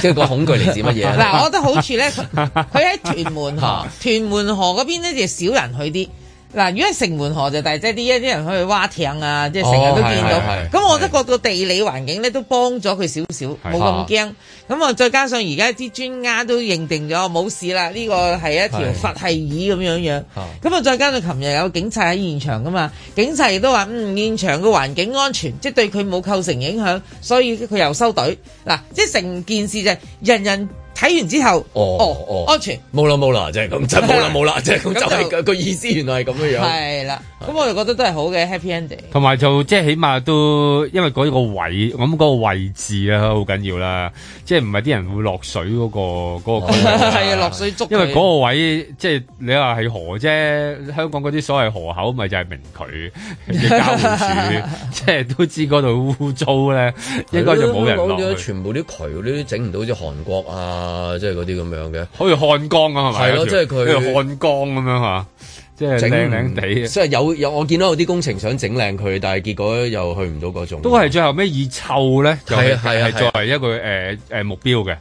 即係個恐懼嚟自乜嘢？嗱， 我覺得好處咧，佢喺屯門河，屯門河嗰 邊咧就少人去啲。嗱，如果係城門河就大，大姐啲一啲人去劃艇啊，即係成日都見到，咁、哦、我都覺得地理環境咧都幫咗佢少少，冇咁驚。咁啊，我再加上而家啲專家都認定咗冇事啦，呢、啊、個係一條佛系魚咁樣樣。咁是啊，我再加上琴日有警察喺現場噶嘛，警察亦都話，嗯，現場嘅環境安全，即、就、係、是、對佢冇構成影響，所以佢又收隊。嗱、啊，即係成件事就係人人。睇完之後，哦哦哦，安全冇啦冇啦，就係咁就冇啦冇啦，就係咁就係個意思，原來係咁嘅樣。係啦，咁我就覺得都係好嘅，happy ending。同埋就即係起碼都因為嗰個位，我諗嗰個位置啊，好緊要啦。即係唔係啲人會落水嗰個嗰個區域？係啊，落水捉。因為嗰個位即係你話係河啫，香港嗰啲所謂河口咪就係明渠嘅交匯處，即係都知嗰度污糟咧，應該就冇人落去。全部啲渠嗰啲整唔到，好似韓國啊～啊，即係嗰啲咁樣嘅，好似漢江啊，係咪？係咯，即係佢漢江咁樣吓，即係整靚靚地，即係有有我見到有啲工程想整靚佢，但係結果又去唔到嗰種，都係最後尾以臭咧，就係係作為一個誒誒目標嘅，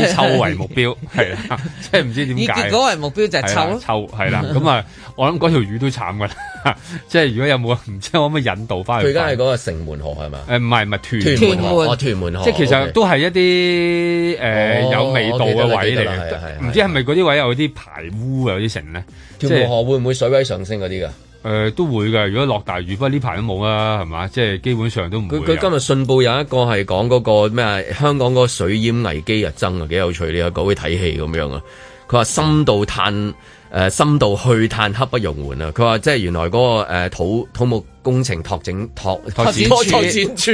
以臭為目標，係啦，即係唔知點解，以結果為目標就係臭臭，係啦，咁啊。 我諗嗰條魚都慘噶啦，即 係如果有冇，唔知可唔可以引導翻去？佢而家係嗰個城門河係嘛？誒、呃，唔係，唔係屯屯門河屯門、哦，屯門河。即係其實都係一啲誒、呃哦、有味道嘅位嚟嘅，唔知係咪嗰啲位有啲排污有啲城咧？屯門河會唔會水位上升嗰啲噶？誒、就是呃，都會噶。如果落大雨，不過呢排都冇啦，係嘛？即係基本上都唔會。佢今日信報有一個係講嗰個咩香港個水淹危機日增啊，幾有趣呢各位睇戲咁樣啊，佢話深度探。嗯誒深度去碳刻不容緩啊，佢話即係原來嗰個誒土土木。工程拓展拓拓展署，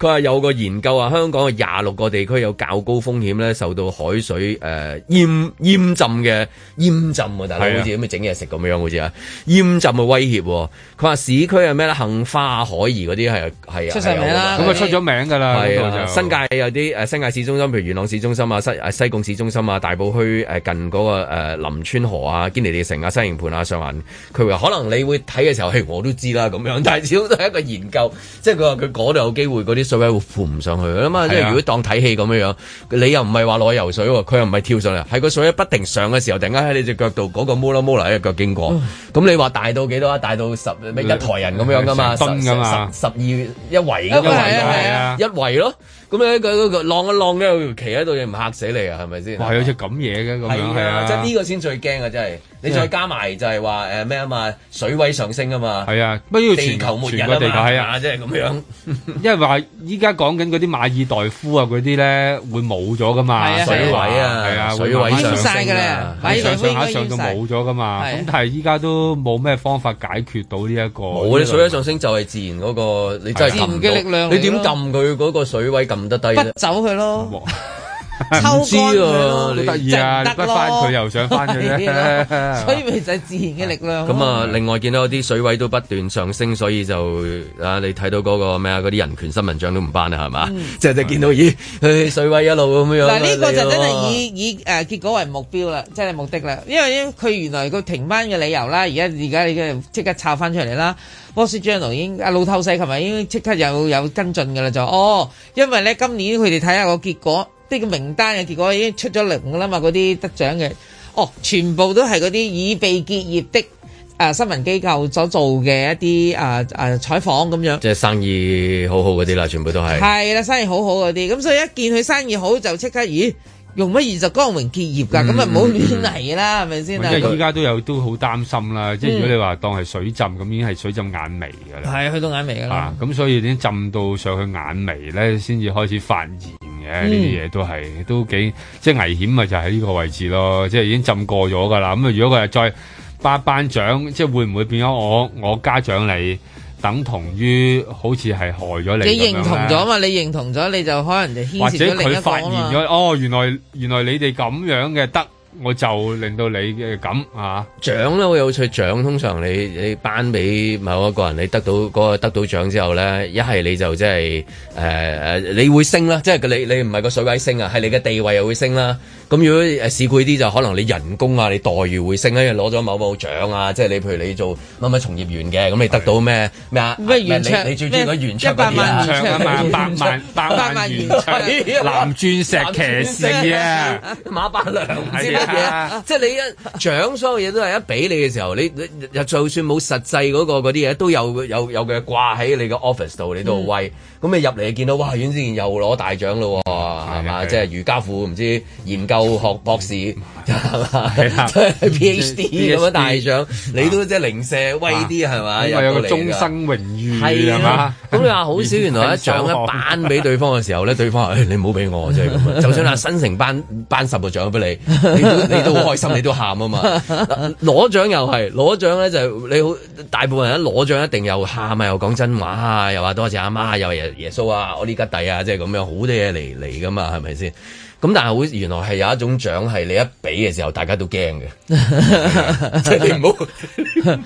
佢話有個研究啊，香港嘅廿六個地區有較高風險咧，受到海水誒淹淹浸嘅淹浸啊！大佬好似咁整嘢食咁樣好似啊，淹浸嘅威脅。佢話市區係咩？杏花海怡嗰啲係出曬名啦，咁啊出咗名噶啦。新界有啲、啊、新界市中心，譬如元朗市中心啊、西西貢市中心啊、大埔區、啊、近嗰、嗰個、啊、林村河啊、堅尼地城啊、西營盤啊、上環，佢話可能你會睇嘅時候，我都知啦。咁樣但係始終都係一個研究，即係佢話佢嗰度有機會，嗰啲水位會浮唔上去㗎嘛。即係如果當睇戲咁樣你又唔係話攞游水喎，佢又唔係跳上嚟，喺個水位不停上嘅時候，突然間喺你隻腳度嗰個摩啦摩啦喺腳經過，咁、哦嗯、你話大到幾多啊？大到十咩一台人咁樣㗎嘛十十十十？十二一圍㗎嘛？一圍咯，咁樣佢佢浪一浪咧，佢企喺度嘢唔嚇死你是是啊？係咪先？哇！好似咁嘢嘅咁係啊！即係呢個先最驚啊！真係。你再加埋就係話誒咩啊嘛？水位上升啊嘛，係啊，乜要全球末日，全個地球係啊，即係咁樣，因為話依家講緊嗰啲馬爾代夫啊嗰啲咧會冇咗噶嘛？水位啊，係啊，水位上升啦，上上下上到冇咗噶嘛？咁但係依家都冇咩方法解決到呢一個。冇啊！水位上升就係自然嗰個，你真係自然嘅力量。你點撳佢嗰個水位撳得低？走佢咯。抽知啊，你得意啊？你不翻佢又想翻佢，所以咪就係自然嘅力量。咁啊，另外見到啲水位都不斷上升，所以就啊，你睇到嗰個咩啊？嗰啲人權新聞獎都唔頒啦，係嘛？即係見到佢水位一路咁樣。嗱，呢個就真係以以誒結果為目標啦，即係目的啦，因為佢原來個停辦嘅理由啦，而家而家你即刻抄翻出嚟啦。《波士頓》已經阿老透世琴日已經即刻有有跟進噶啦，就哦，因為咧今年佢哋睇下個結果。呢個名單嘅結果已經出咗零啦嘛，嗰啲得獎嘅，哦，全部都係嗰啲已被結業的啊新聞機構所做嘅一啲啊啊採訪咁樣，即係生意好好嗰啲啦，全部都係，係啦，生意好好嗰啲，咁所以一見佢生意好就即刻咦。用乜嘢就光榮結業噶，咁啊唔好亂嚟啦，係咪先？即係依家都有都好擔心啦，嗯、即係如果你話當係水浸咁，已經係水浸眼眉噶啦，係去到眼眉噶啦。啊，咁所以已經浸到上去眼眉咧，先至開始發炎嘅呢啲嘢都係都幾即係危險啊！就喺呢個位置咯，即係已經浸過咗噶啦。咁啊，如果佢係再班班長即係會唔會變咗我我家長你？等同於好似係害咗你，你認同咗嘛？你認同咗你就可能就牽涉咗另一方啦。或者佢發現咗，哦，原來原來你哋咁樣嘅得。我就令到你嘅咁啊，獎咧好有趣。獎，通常你你頒俾某一個人，你得到嗰、那個得到獎之後咧，一係你就即係誒誒，你會升啦，即係你你唔係個水位升啊，係你嘅地位又會升啦。咁如果市儈啲就可能你人工啊，你待遇會升啦，因為攞咗某某獎啊，即係你譬如你做乜乜從業員嘅，咁你得到咩咩的麼啊？咩、啊？你最中意嗰個原唱？百萬原唱啊，百萬百萬原唱，藍鑽、啊啊、石騎士啊，馬百良的 即係你一獎所有嘢都係一俾你嘅時候，你你就算冇實際嗰、嗰個嗰啲嘢，都有有有嘅掛喺你嘅 office 度，你都好威。嗯咁你入嚟見到哇，袁之前又攞大獎咯喎，係嘛？即係瑜伽父唔知研究學博士係咪？即係 PhD 咁樣大獎，你都即係零舍威啲係又有個終生榮譽係嘛？咁你話好少，原來一獎一頒俾對方嘅時候咧，對方你唔好俾我即係咁就算阿新城頒頒十個獎俾你，你都你都好開心，你都喊啊嘛！攞獎又係攞獎咧，就你好大部分人一攞獎一定又喊啊，又講真話又話多謝阿媽，又嘢。耶穌啊，我呢家弟啊，即係咁樣，好多嘢嚟嚟噶嘛，係咪先？咁但係會原來係有一種獎，係你一俾嘅時候，大家都驚嘅，即係你唔好，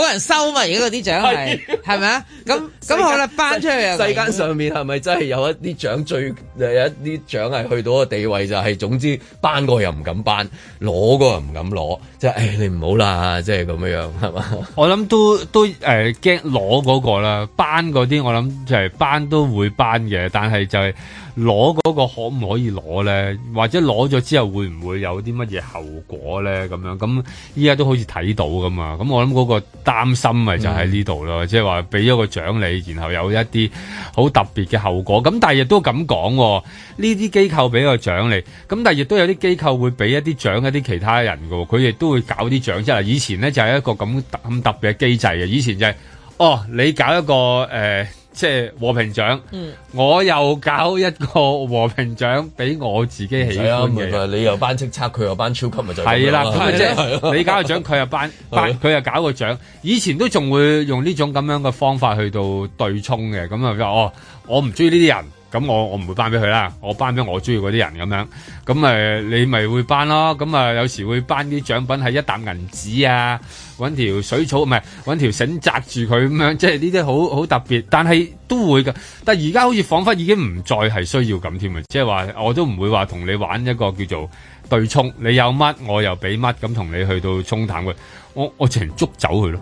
冇人收埋而家嗰啲獎係，係咪啊？咁咁好啦頒出去啊？世間上面係咪真係有一啲獎最、就係，有一啲獎係去到個地位就係，總之頒過又唔敢頒，攞過又唔敢攞，即、就、係、係、誒、你唔好啦，即係咁樣樣係嘛？我諗都都誒驚攞嗰個啦，頒嗰啲我諗就係頒都會頒嘅，但係就係、係。攞嗰個可唔可以攞呢？或者攞咗之後會唔會有啲乜嘢後果呢？咁樣咁依家都好似睇到噶嘛？咁我諗嗰個擔心咪就喺呢度咯，即係話俾咗個獎你，然後有一啲好特別嘅後果。咁但係亦都咁講，呢啲機構俾個獎你。咁但係亦都有啲機構會俾一啲獎一啲其他人㗎。佢亦都會搞啲獎，即係以前呢就係一個咁咁特別嘅機制啊。以前就係、就是、哦，你搞一個誒。呃即係和平獎，嗯、我又搞一個和平獎俾我自己喜歡嘅。啊，你又班叱咤，佢又班超級咪就係。係啦的，咁即係你搞個獎，佢又班 班佢又搞個獎。以前都仲會用呢種咁樣嘅方法去到對沖嘅。咁啊，哦，我唔中意呢啲人，咁我我唔會班俾佢啦，我班俾我中意嗰啲人咁樣咁誒，你咪會班咯。咁啊，有時會班啲獎品係一沓銀紙啊。搵條水草唔係搵條繩紮住佢咁樣，即係呢啲好好特別，但係都會㗎。但而家好似仿佛已經唔再係需要咁添啊！即係話我都唔會話同你玩一個叫做對沖，你有乜我又俾乜，咁同你去到沖淡佢，我我直情捉走佢咯。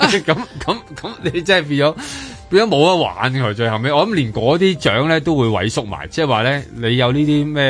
咁咁咁，你真係變咗變咗冇得玩㗎。最後尾，我諗連嗰啲獎咧都會萎縮埋。即係話咧，你有呢啲咩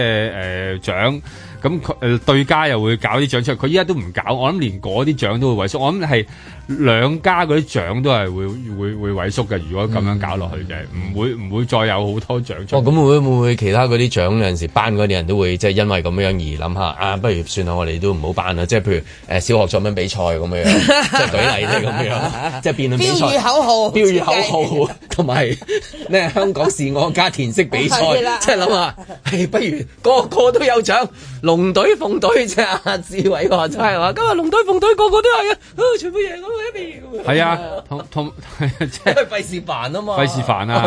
誒獎？咁誒對家又會搞啲獎出嚟，佢依家都唔搞，我諗連嗰啲獎都會萎縮，我諗係兩家嗰啲獎都係會會會萎縮嘅。如果咁樣搞落去就係唔會唔會再有好多獎出。哦，咁會唔會其他嗰啲獎有陣時班嗰啲人都會即係因為咁樣而諗下啊，不如算啦，我哋都唔好辦啦。即係譬如小學作文比賽咁樣，即係 舉例咁樣，即係辯論比賽、 標語口號、標語口號同埋咩香港是我家填色比賽，即係諗下不如個個都有獎。龍隊鳳隊啫，阿志偉話真係話，今日龍隊鳳隊個個都係啊，全部贏咗一邊。係啊，同同即係費事煩啊嘛，費事煩啊，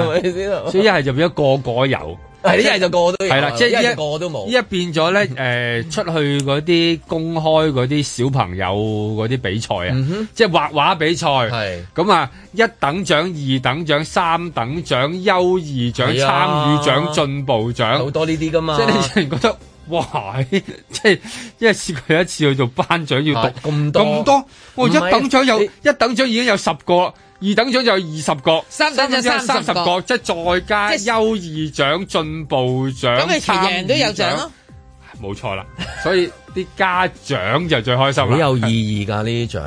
所以一係就變咗個個有，係一係就個個都係啦，即係一，個個都冇。一變咗咧，誒，出去嗰啲公開嗰啲小朋友嗰啲比賽啊，即係畫畫比賽，係咁啊，一等獎、二等獎、三等獎、優異獎、參與獎、進步獎，好多呢啲㗎嘛。即係你覺得。哇！即係，因為試過一次去做班長要讀咁多，咁多。我一等獎有，一等獎已經有十個，二等獎就有二十個，三等就三十個，即係再加優異獎、進步獎、咁你贏都有獎咯。冇錯啦，所以啲家長就最開心。好有意義噶呢啲獎，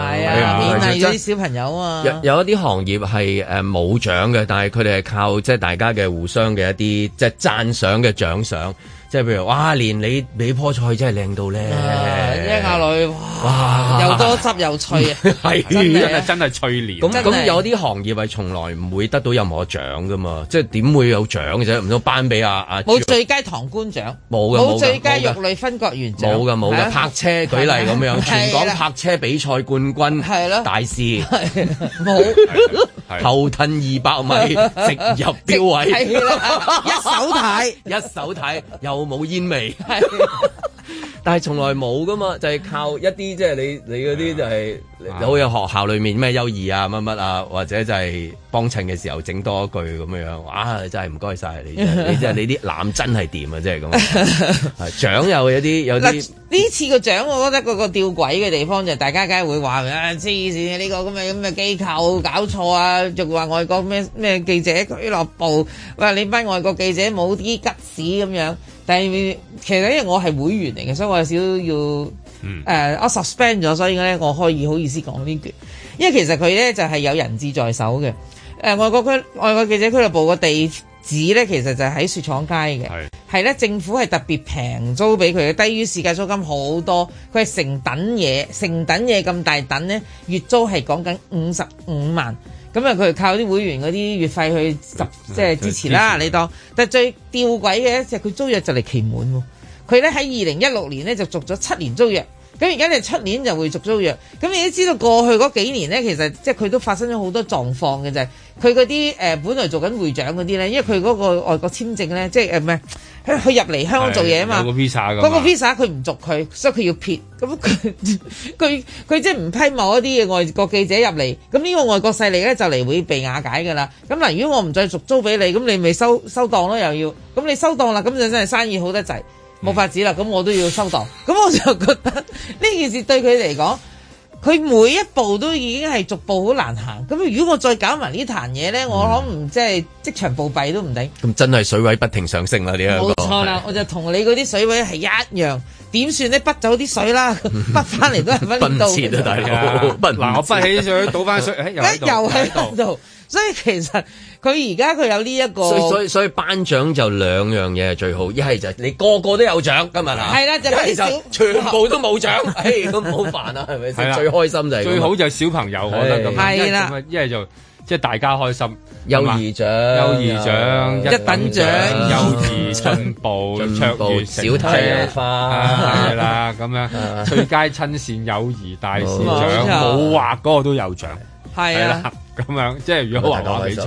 勉勵咗啲小朋友啊。有一啲行業係誒冇獎嘅，但係佢哋係靠即係大家嘅互相嘅一啲即係讚賞嘅獎賞。即係譬如，哇！連你你棵菜真係靚到咧，阿女，哇！又多汁又脆啊，係真係真係脆年。咁咁有啲行業係從來唔會得到任何獎噶嘛，即係點會有獎嘅啫？唔通頒俾阿阿冇最佳堂倌獎，冇嘅冇最佳肉類分割員獎，冇嘅冇嘅。泊車舉例咁樣，全港泊車比賽冠軍係咯大師，係冇後退二百米直入標位，一手睇一手睇冇冇煙味， 但係從來冇㗎嘛，就係、是、靠一啲即係你你嗰啲就係、是。好有學校裏面咩優異啊乜乜啊，或者就係幫襯嘅時候整多一句咁樣樣，哇！真係唔該晒你， 你真係你啲攬真係掂啊！真係咁啊，獎 有一啲有啲呢次個獎，我覺得、個、個吊詭嘅地方就大家梗係會話啊黐線啊！呢、呢個咁嘅咁嘅機構搞錯啊，仲話外國咩咩記者俱樂部，哇、啊！你班外國記者冇啲吉士咁樣，但係其實因為我係會員嚟嘅，所以我有少要。誒我 suspend 咗，所以咧我可以好意思講呢句，因為其實佢咧就係有人質在手嘅。誒、uh, mm hmm. 外國區外國記者俱樂部嘅地址咧，其實就喺雪廠街嘅，係咧是政府係特別平租俾佢，低於市價租金好多。佢係成等嘢，成等嘢咁大等咧，月租係講緊五十五萬，咁啊佢靠啲會員嗰啲月費去十即係支持啦，你當。但係最吊詭嘅一隻，佢租約就嚟期滿喎。佢咧喺二零一六年咧就續咗七年租約。咁而家你出年就會續租約，咁你都知道過去嗰幾年咧，其實即係佢都發生咗好多狀況嘅就係，佢嗰啲誒本來做緊會長嗰啲咧，因為佢嗰個外國簽證咧，即係誒咩，佢入嚟香港做嘢啊嘛，嗰個 visa 咁，嗰個 visa 佢唔續佢，所以佢要撇，咁佢佢佢即係唔批某一啲嘅外國記者入嚟，咁呢個外國勢力咧就嚟會被瓦解噶啦，咁嗱，如果我唔再續租俾你，咁你咪收收檔咯又要，咁你收檔啦，咁就真係生意好得滯。冇法子啦，咁我都要收檔，咁我就覺得呢件事對佢嚟講，佢每一步都已經係逐步好難行。咁如果我再搞埋呢壇嘢咧，嗯、我可唔即係職場暴斃都唔定。咁真係水位不停上升啦！呢一冇錯啦，是我就同你嗰啲水位係一樣。點算咧？不走啲水啦， 不翻嚟都係喺到度。嗱、 啊，大哥， 我筆起水倒翻水，哎，又喺度，又喺度，所以其實。佢而家佢有呢一個，所以所以頒獎就兩樣嘢係最好，一係就你個個都有獎今日啊，係啦，就其實全部都冇獎，嘿，都唔好煩啦，係咪先最開心就係最好就小朋友，我覺得咁係啦，一係就即係大家開心，友誼獎、友誼獎、一等獎、友誼進步、卓越小體育花，係啦，咁樣最佳親善友誼大使獎冇話嗰個都有獎，係啦。咁樣，即係如果話打比賽，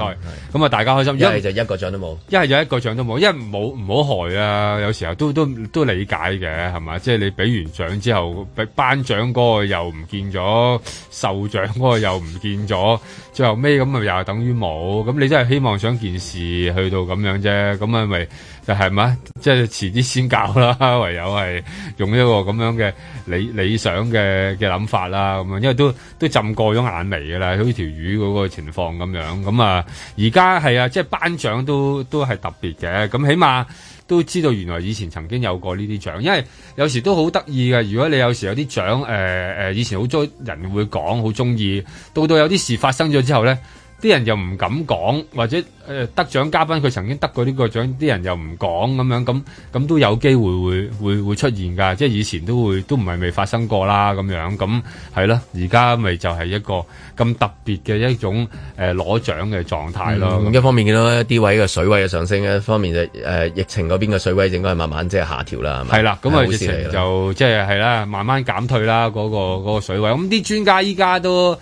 咁啊大家開心。開心的因為就一個獎都冇，因為有一個獎都冇，因為冇唔好害啊！有時候都都都理解嘅，係嘛？即係你俾完獎之後頒獎嗰個又唔見咗，授獎嗰個又唔見咗， 最後尾咁啊又係等於冇。咁你真係希望想件事去到咁樣啫？咁啊咪就係嘛？即係遲啲先搞啦，唯有係用一個咁樣嘅理理想嘅嘅諗法啦。咁樣，因為都都浸過咗眼眉㗎啦，好似條魚嗰個個情況咁樣咁啊，而家係啊，即係頒獎都都係特別嘅。咁起碼都知道原來以前曾經有過呢啲獎，因為有時都好得意嘅。如果你有時有啲獎誒誒，以前好多人會講，好中意到到有啲事發生咗之後呢。啲人又唔敢講，或者得獎嘉賓佢曾經得過呢個獎，啲人又唔講咁樣咁咁都有機會會會會出現㗎，即係以前會都會都唔係未發生過啦咁樣咁係啦，而家咪就係一個咁特別嘅一種誒攞獎嘅狀態咯。嗯、咁一方面見到一啲位嘅水位嘅上升，一方面誒、就係、疫情嗰邊嘅水位應該係慢慢即係下調啦，係咪了？係啦，咁啊疫情就即係係啦，慢慢減退啦嗰、嗰個嗰、嗰個、水位。咁啲專家依家都。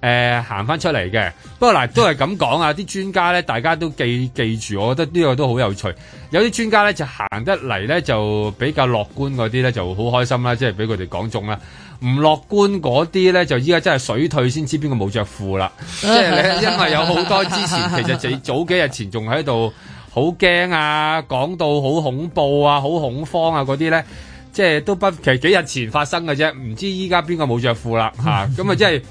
誒行翻出嚟嘅，不過嗱都係咁講啊！啲專家咧，大家都記記住，我覺得呢個都好有趣。有啲專家咧就行得嚟咧，就比較樂觀嗰啲咧就好開心啦，即係俾佢哋講中啦。唔樂觀嗰啲咧，就依家真係水退先知邊個冇著褲啦。即係你因為有好多之前其實自早幾日前仲喺度好驚啊，講到好恐怖啊，好恐慌啊嗰啲咧，即係都不其實幾日前發生嘅啫，唔知依家邊個冇著褲啦吓咁 啊即係。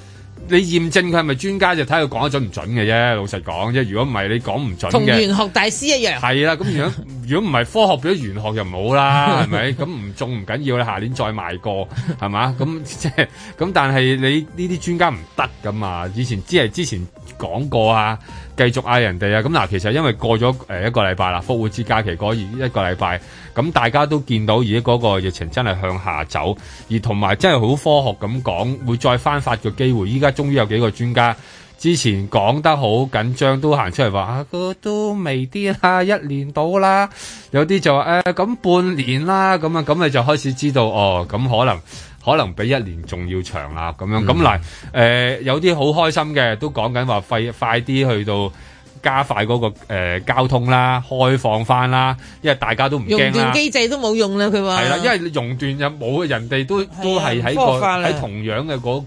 你驗證佢係咪專家就睇佢講得準唔準嘅啫，老實講，即係如果唔係，你講唔準嘅，同玄學大師一樣。係啦，咁如果如果唔係科學變咗玄學就唔好啦，係咪？ 咁唔仲唔緊要啦，下年再賣過係嘛？咁即係咁，但係你呢啲專家唔得㗎嘛！以前即係之前講過啊。繼續嗌人哋啊！咁嗱，其實因為過咗誒一個禮拜啦，復活節假期嗰一一個禮拜，咁大家都見到而家嗰個疫情真係向下走，而同埋真係好科學咁講，會再翻發嘅機會。依家終於有幾個專家之前講得好緊張，都行出嚟話啊，都未啲啦，一年到啦。有啲就話誒咁半年啦，咁啊咁你就開始知道哦，咁可能。可能比一年仲要長啦，咁樣咁嗱，誒、嗯呃、有啲好開心嘅都講緊話快快啲去到。加快嗰、那個誒、呃、交通啦，開放翻啦，因為大家都唔驚啦。熔斷機制都冇用啦，佢話。係啦，因為你熔斷就冇人哋都的都係喺喺同樣嘅嗰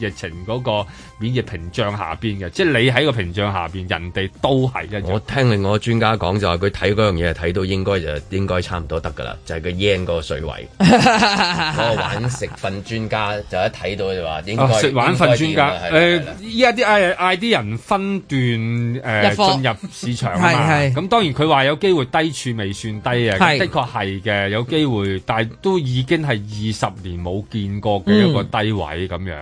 個疫情嗰個免疫屏障下邊嘅，即係你喺個屏障下邊人哋都係一樣，我聽另外個專家講就係佢睇嗰樣嘢睇到應該就應該差唔多得㗎啦，就係個 yen 嗰個水位。 玩食玩瞓專家就一睇到就話應、啊、食玩瞓專家呢依家啲嗌啲人分段、呃進入市場啊嘛，咁 是當然佢話有機會低處未算低啊，是的確係嘅，有機會， 但係都已經係二十年冇見過嘅一個低位咁樣，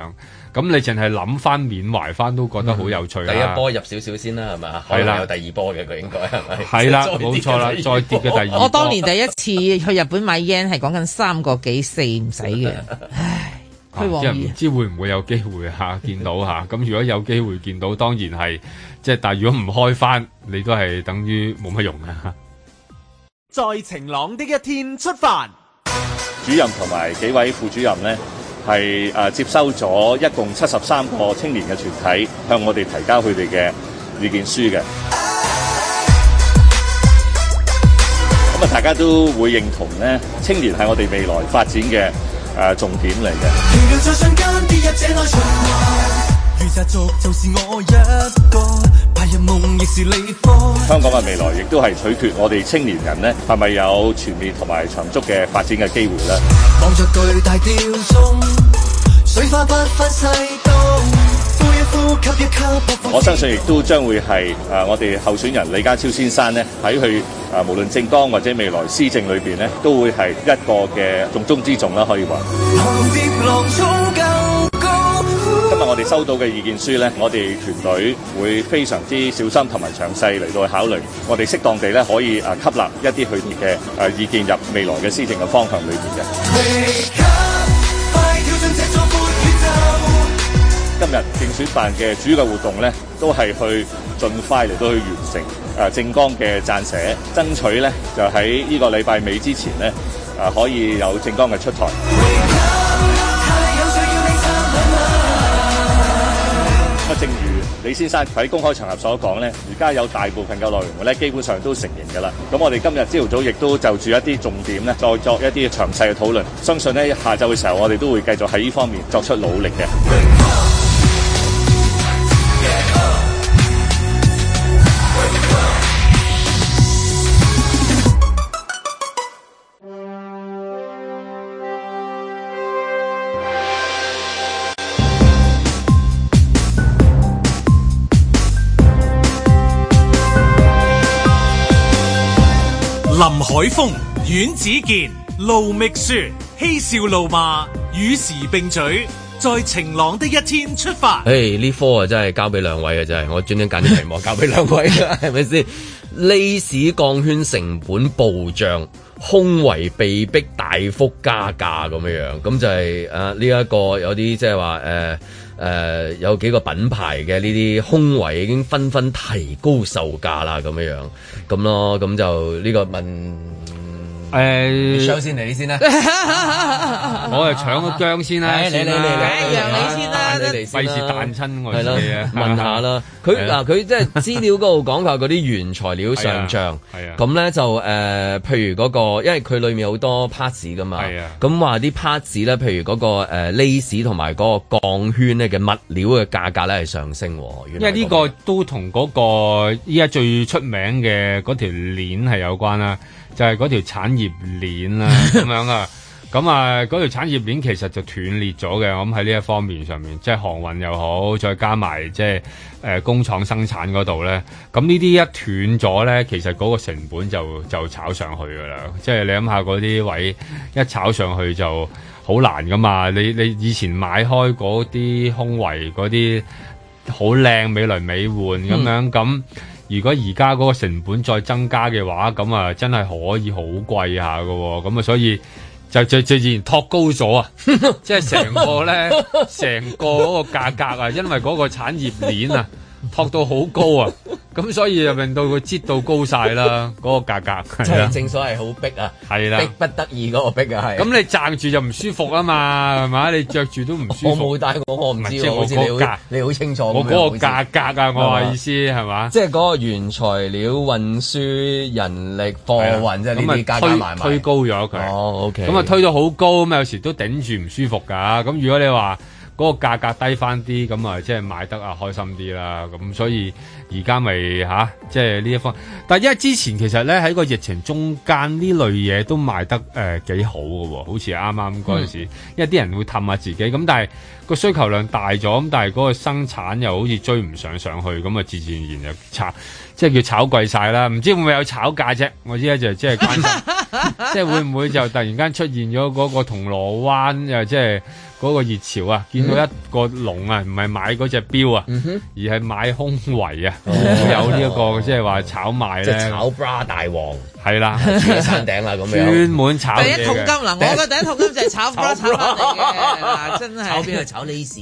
咁、嗯、你淨係諗翻緬懷翻都覺得好有趣、嗯、第一波入少少先啦，係嘛，可能有第二波嘅，佢應該係咪？係啦，冇錯啦，再跌嘅第二波。波 我當年第一次去日本買 yen 係講緊三個幾四唔使嘅，唉，即係唔知會唔會有機會吓、啊、見到吓、啊，咁如果有機會見到，當然係。即係，但係如果唔開翻，你都係等於冇乜用啊！在晴朗的一天出發，主任同埋幾位副主任咧，係誒、呃、接收咗一共七十三個青年嘅團體向我哋提交佢哋嘅意見書嘅。咁啊，大家都會認同咧，青年係我哋未來發展嘅誒、呃、重點嚟嘅。香港嘅未來亦都係取決我哋青年人呢，係咪有全面同埋長足嘅發展嘅機會咧？望住巨大吊鐘我相信亦都將會係啊、呃，我哋候選人李家超先生呢，喺佢啊，無論政黨或者未來施政裏面呢，都會係一個嘅重中之重啦，可以話。我哋收到嘅意見書咧，我哋團隊會非常之小心同埋詳細嚟到去考慮。我哋適當地咧可以啊吸納一啲佢哋嘅誒意見入未來嘅施政嘅方向裏面嘅。今日競選辦嘅主要嘅活動咧，都係去盡快嚟到去完成誒政綱嘅撰寫，爭取咧就喺呢個禮拜尾之前咧啊可以有政綱嘅出台。李先生喺公開場合所講呢，而家有大部分嘅內容咧，基本上都承認㗎啦。咁我哋今日朝頭早亦都就住一啲重點咧，再作一啲詳細嘅討論。相信呢下晝嘅時候，我哋都會繼續喺呢方面作出努力嘅。海風阮子健、盧覓雪嬉笑怒罵與時並舉，在晴朗的一天出發。誒、hey，呢科啊真係交俾兩位嘅真係，我專登揀啲題目交俾兩位嘅，係咪先？呢市鋼圈成本暴漲，胸圍被逼大幅加價咁樣樣，咁就係誒呢一個有啲即係話誒。呃誒、呃、有幾個品牌嘅呢啲胸圍已經紛紛提高售價啦，咁樣樣咁咯，咁就呢、呢個問。誒，首先嚟你先啦，我係搶個姜先啦，你你你讓你先啦，費事彈親我自己啊！問下啦，佢嗱佢即係資料嗰度講下嗰啲原材料上漲，咁咧就誒，譬如嗰個，因為佢裏面好多 parts 噶嘛，咁話啲 parts 咧，譬如嗰個誒 lace 同埋嗰個鋼圈咧嘅物料嘅價格咧係上升，因為呢個都同嗰個依家最出名嘅嗰條鏈係有關啦。就係嗰條產業鏈啦，啊，咁樣啊，咁啊嗰條產業鏈其實就斷裂咗嘅，咁喺呢一方面上面，即係航運又好，再加埋即係，呃、工廠生產嗰度咧，咁呢啲一斷咗咧，其實嗰個成本就就炒上去㗎喇，即係你諗下嗰啲位一炒上去就好難㗎嘛，你你以前買開嗰啲空位嗰啲好靚美輪美奐咁樣咁。嗯如果而家嗰個成本再增加嘅話，咁啊真係可以好貴下喎。咁啊所以就就，就自然托高咗啊！即係成個咧，成個嗰個價格啊，因為嗰個產業鏈啊。托到好高啊，咁所以就令到佢擠到高晒啦，嗰個價格即係正所謂好逼啊，係啦，逼不得已嗰個逼啊，係。咁你站住就唔舒服啊嘛，係嘛？你着住都唔舒服。我冇戴過，我唔知我知，你好清楚。我嗰個價格啊，我話意思係嘛？即係嗰個原材料、運輸、人力、貨運，即係呢啲加埋推高咗佢。哦，OK。咁啊，推到好高咁有時都頂住唔舒服㗎。咁如果你話，嗰個價格低翻啲，咁啊即係買得啊開心啲啦。咁所以而家咪吓，即係呢一方。但因為之前其實咧喺個疫情中間，呢類嘢都賣得誒幾好嘅喎，好似啱啱嗰陣時。嗯、因為啲人會氹下自己，咁但係個需求量大咗，咁但係嗰個生產又好似追唔上上去，咁啊自自然然就炒，即係叫炒貴晒啦。唔知會唔會有炒價啫？我知家就即係關心，即係會唔會就突然間出現咗嗰個銅鑼灣又即係。嗰個熱潮啊，見到一個龍啊，唔係、嗯、買嗰隻錶啊，嗯、哼而係買胸圍啊，哦、有呢、這、一個即係話炒賣呢，炒 bra 大王。係啦，自山頂啦咁樣，專門炒第一桶金嗱，我覺得第一桶金就係炒炒嚟嘅，真係。後邊係炒呢市，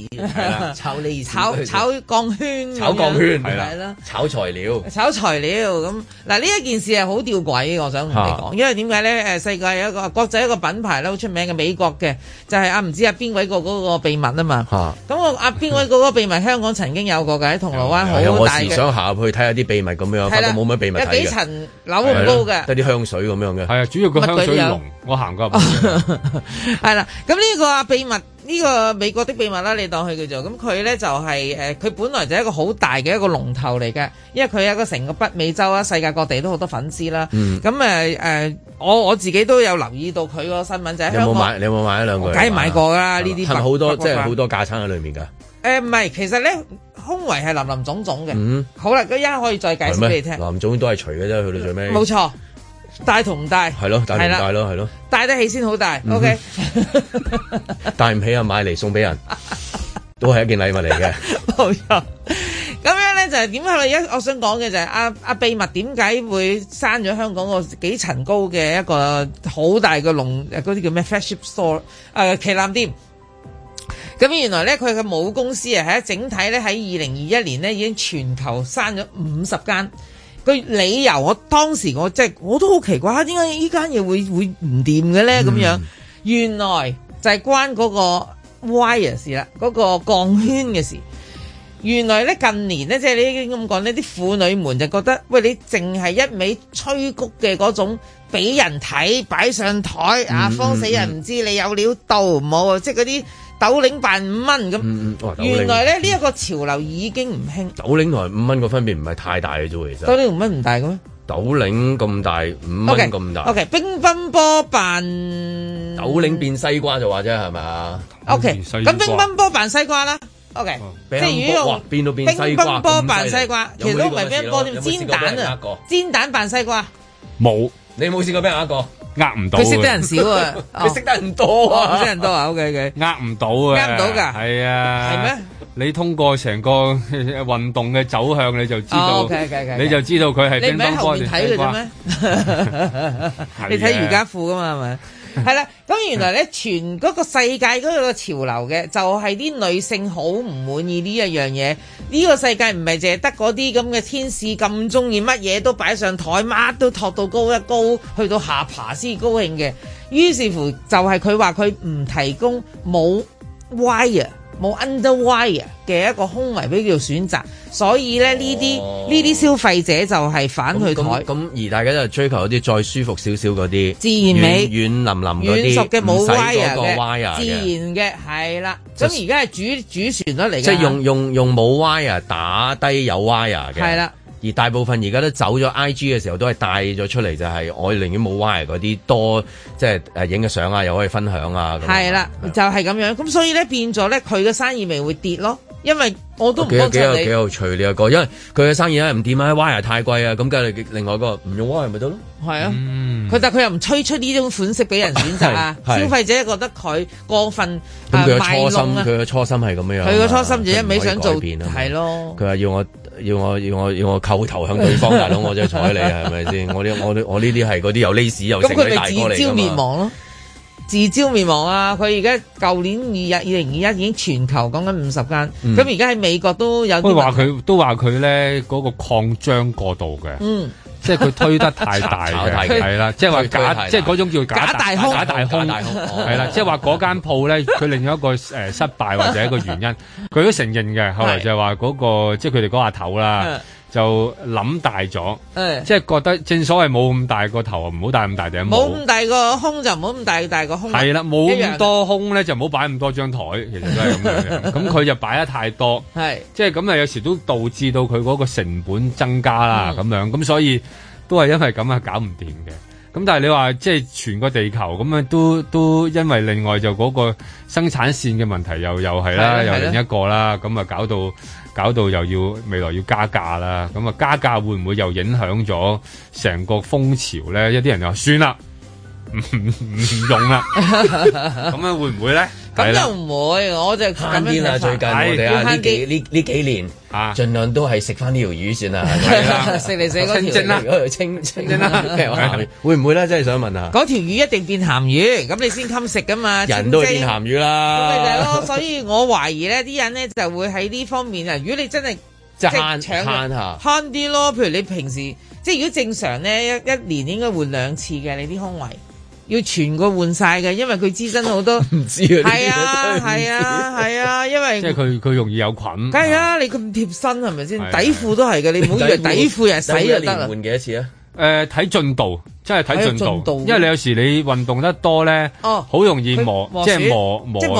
炒呢市，炒炒鋼圈，炒鋼圈，係啦，炒材料，炒材料咁嗱。呢一件事係好吊詭，我想同你講，因為點解咧？誒，世界有一個國際一個品牌咧，好出名嘅美國嘅，就係啊唔知阿邊位個嗰個秘密啊嘛。咁我阿邊位個個秘密，香港曾經有過嘅喺銅鑼灣好大時想下入去睇下啲秘密咁樣，不過冇乜秘密睇嘅。有幾層樓咁高嘅。啲香水咁樣嘅，係啊，主要個香水濃，我行過係啦。咁呢 個啊秘密，呢、這個美國的秘密啦，你當佢叫做咁佢咧就係、是、誒，佢、呃、本來就一個好大嘅一個龍頭嚟嘅，因為佢一個成個北美洲啊，世界各地都好多粉絲啦。咁誒誒，我我自己都有留意到佢個新聞就係、是、有冇買？你有冇買一兩個？梗係買過㗎啦呢啲，好多即係好多架撐喺裏面噶。誒唔係，其實咧，胸圍係林林總總嘅。嗯、好啦，咁一刻可以再解釋俾你聽，林總都係除嘅啫，去到最尾。冇錯。大同唔大，係咯，大同大咯，係咯的，帶的得起先好大，O K，帶唔起啊，買嚟送俾人，都係一件禮物嚟嘅。冇錯， 咁樣咧就係點係而家我想講嘅就係阿阿秘密點解會閂咗香港個幾層高嘅一個好大嘅龍誒，嗰啲叫咩？Flagship Store 誒、呃，旗艦店。咁原來咧，佢嘅母公司啊，係一整體咧，喺二零二一年咧，已經全球閂咗五十間。佢理由，我當時我即係我都好奇怪，點解依間嘢會會唔掂嘅咧？咁樣原來就係關嗰個 wire 事啦，嗰、那個鋼圈嘅事。原來咧近年咧，即、就、係、是、你已經咁講呢啲婦女們就覺得，喂，你淨係一味吹谷嘅嗰種俾人睇擺上台啊，嗯、慌死人唔知你有料到冇啊、嗯嗯！即係嗰啲。斗零扮五蚊咁，原來咧呢一個潮流已經唔興。斗零同五蚊個分別唔係太大嘅啫，其實。斗零五蚊唔大嘅咩？斗零咁大，五蚊咁大。O、okay. K，、okay. 乒乓波扮斗零變西瓜就話啫，係咪？O K，咁乒乓波扮西瓜啦。O、okay. K，、嗯、即係如果用乒乓波，波扮西瓜，其實都唔係乒乓波有有，煎蛋啊！煎蛋扮西瓜冇，有你有冇試過俾人呃過？呃唔到，佢識得人少啊，佢識得人多啊，識人多啊，OK OK，呃唔到啊，呃唔到㗎，係啊，係咩？你通過成個運動嘅走向，你就知道，你就知道佢係。你喺後面睇嘅咩？你睇瑜伽褲噶嘛，係咪？係啦。咁原來咧，全嗰個世界嗰個潮流嘅，就係、是、啲女性好唔滿意呢一樣嘢。呢、這個世界唔係淨係得嗰啲咁嘅天使咁中意乜嘢都擺上台，乜都托到高一高，去到下扒先高興嘅。於是乎，就係佢話佢唔提供冇 wire。冇 underwire 嘅一個胸圍俾佢選擇，所以咧呢啲呢啲消費者就係反佢咁咁，而大家就追求啲再舒服少少嗰啲自然美、軟腍腍嗰啲，唔使嗰個 wire 嘅自然嘅，係啦了。咁而家係主、就是、主旋律嚟嘅，即係用用用冇 wire 打低有 wire 嘅，係啦。而大部分而家都走咗 I G 嘅時候，都係帶咗出嚟就係我寧願冇 Y 嗰啲多，即係誒影嘅相啊，又可以分享啊。係啦的，就係咁樣，咁所以咧變咗咧佢嘅生意咪會跌咯，因為我都唔幫襯你。幾有幾有趣呢一個，因為佢嘅生意呢，唔掂啊，Y 太貴啊，咁梗嚟另外一個唔用 Y 咪得咯。係啊的，佢、嗯、但佢又唔推出呢種款式俾人選擇啊， 消費者覺得佢過分，咁佢嘅初心，佢嘅、啊、初心係咁樣。佢嘅初心就一味想做，係咯。佢話要我。要我要我要我叩頭向對方 大佬， 我就睬你呀，係咪先？我啲我我呢啲係嗰啲有歷史又成嘅大哥嚟噶嘛？自招滅亡咯，自招滅亡啊！佢而家舊年二月二零二一已經全球講緊五十間，咁而家喺美國都有。佢話佢都話佢咧嗰個擴張過度嘅。嗯。即係佢推得太大，係啦，即係話假，即係嗰種叫假大空，係啦，即係話嗰間鋪咧，佢另一個誒失敗或者一個原因，佢都承認嘅。後來就係話嗰個，即係佢哋嗰下頭啦。就諗大咗，嗯、即係覺得正所謂冇咁大個頭大大個大個啊，唔好戴咁大頂帽。冇咁大個胸就唔好咁大，大個胸。係啦，冇咁多胸咧就唔好擺咁多張台，其實都係咁樣。咁佢 就擺得太多，的即係咁啊，有時都導致到佢嗰個成本增加啦，咁、嗯、樣。咁所以都係因為咁啊，搞唔掂嘅。咁但係你話即係全個地球咁樣都都因為另外就嗰個生產線嘅問題又又係啦，的又另一個啦，咁啊的搞到。搞到又要未來要加價啦，咁啊加價會唔會又影響咗成個風潮咧？一啲人就話算啦。唔唔用啦，咁樣會唔會咧？咁又唔會，我就慳啲啦。最近我哋啊呢幾呢呢幾年啊，盡量都係食翻呢條魚算啦，食嚟食嗰條清嗰條清清啦，會唔會咧？真係想問下，嗰條魚一定變鹹魚，咁你先襟食噶嘛？人都會變鹹魚啦，咁咪就係咯。所以我懷疑咧，啲人咧就會喺呢方面啊。如果你真係賺，慳啲咯。譬如你平時即係如果正常咧，一一年應該換兩次嘅你啲胸圍。要全個換晒嘅，因為佢滋生好多。唔知啊。係啊，係啊，係啊，因為即係佢佢容易有菌。梗係啦，你咁貼身係咪先？底褲都係嘅，你唔好以為底褲又洗就得啊。換幾多次啊？誒，睇進度，即係睇進度。因為你有時你運動得多咧，哦，好容易磨，即係磨磨到。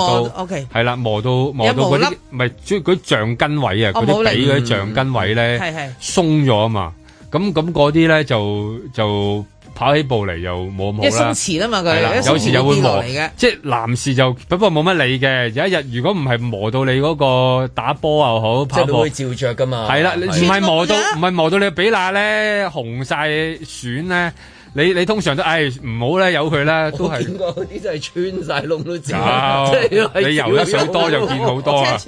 O K。係啦，磨到磨到嗰啲，唔係即橡筋位啊，嗰啲髀嗰啲橡筋位咧，係係鬆咗啊嘛，咁咁嗰啲咧就就。跑起步嚟又冇咁好啦，嘛佢，有時又會磨嘅。即係男士就不過冇乜理嘅，有一日如果唔係磨到你嗰個打波又好，跑步會照着噶嘛。係啦，唔係磨到唔係磨到你嘅比那咧紅晒損咧，你你通常都唉，唔好咧，由佢啦。都係嗰啲真係穿晒窿都折，你游得水多就見好多穿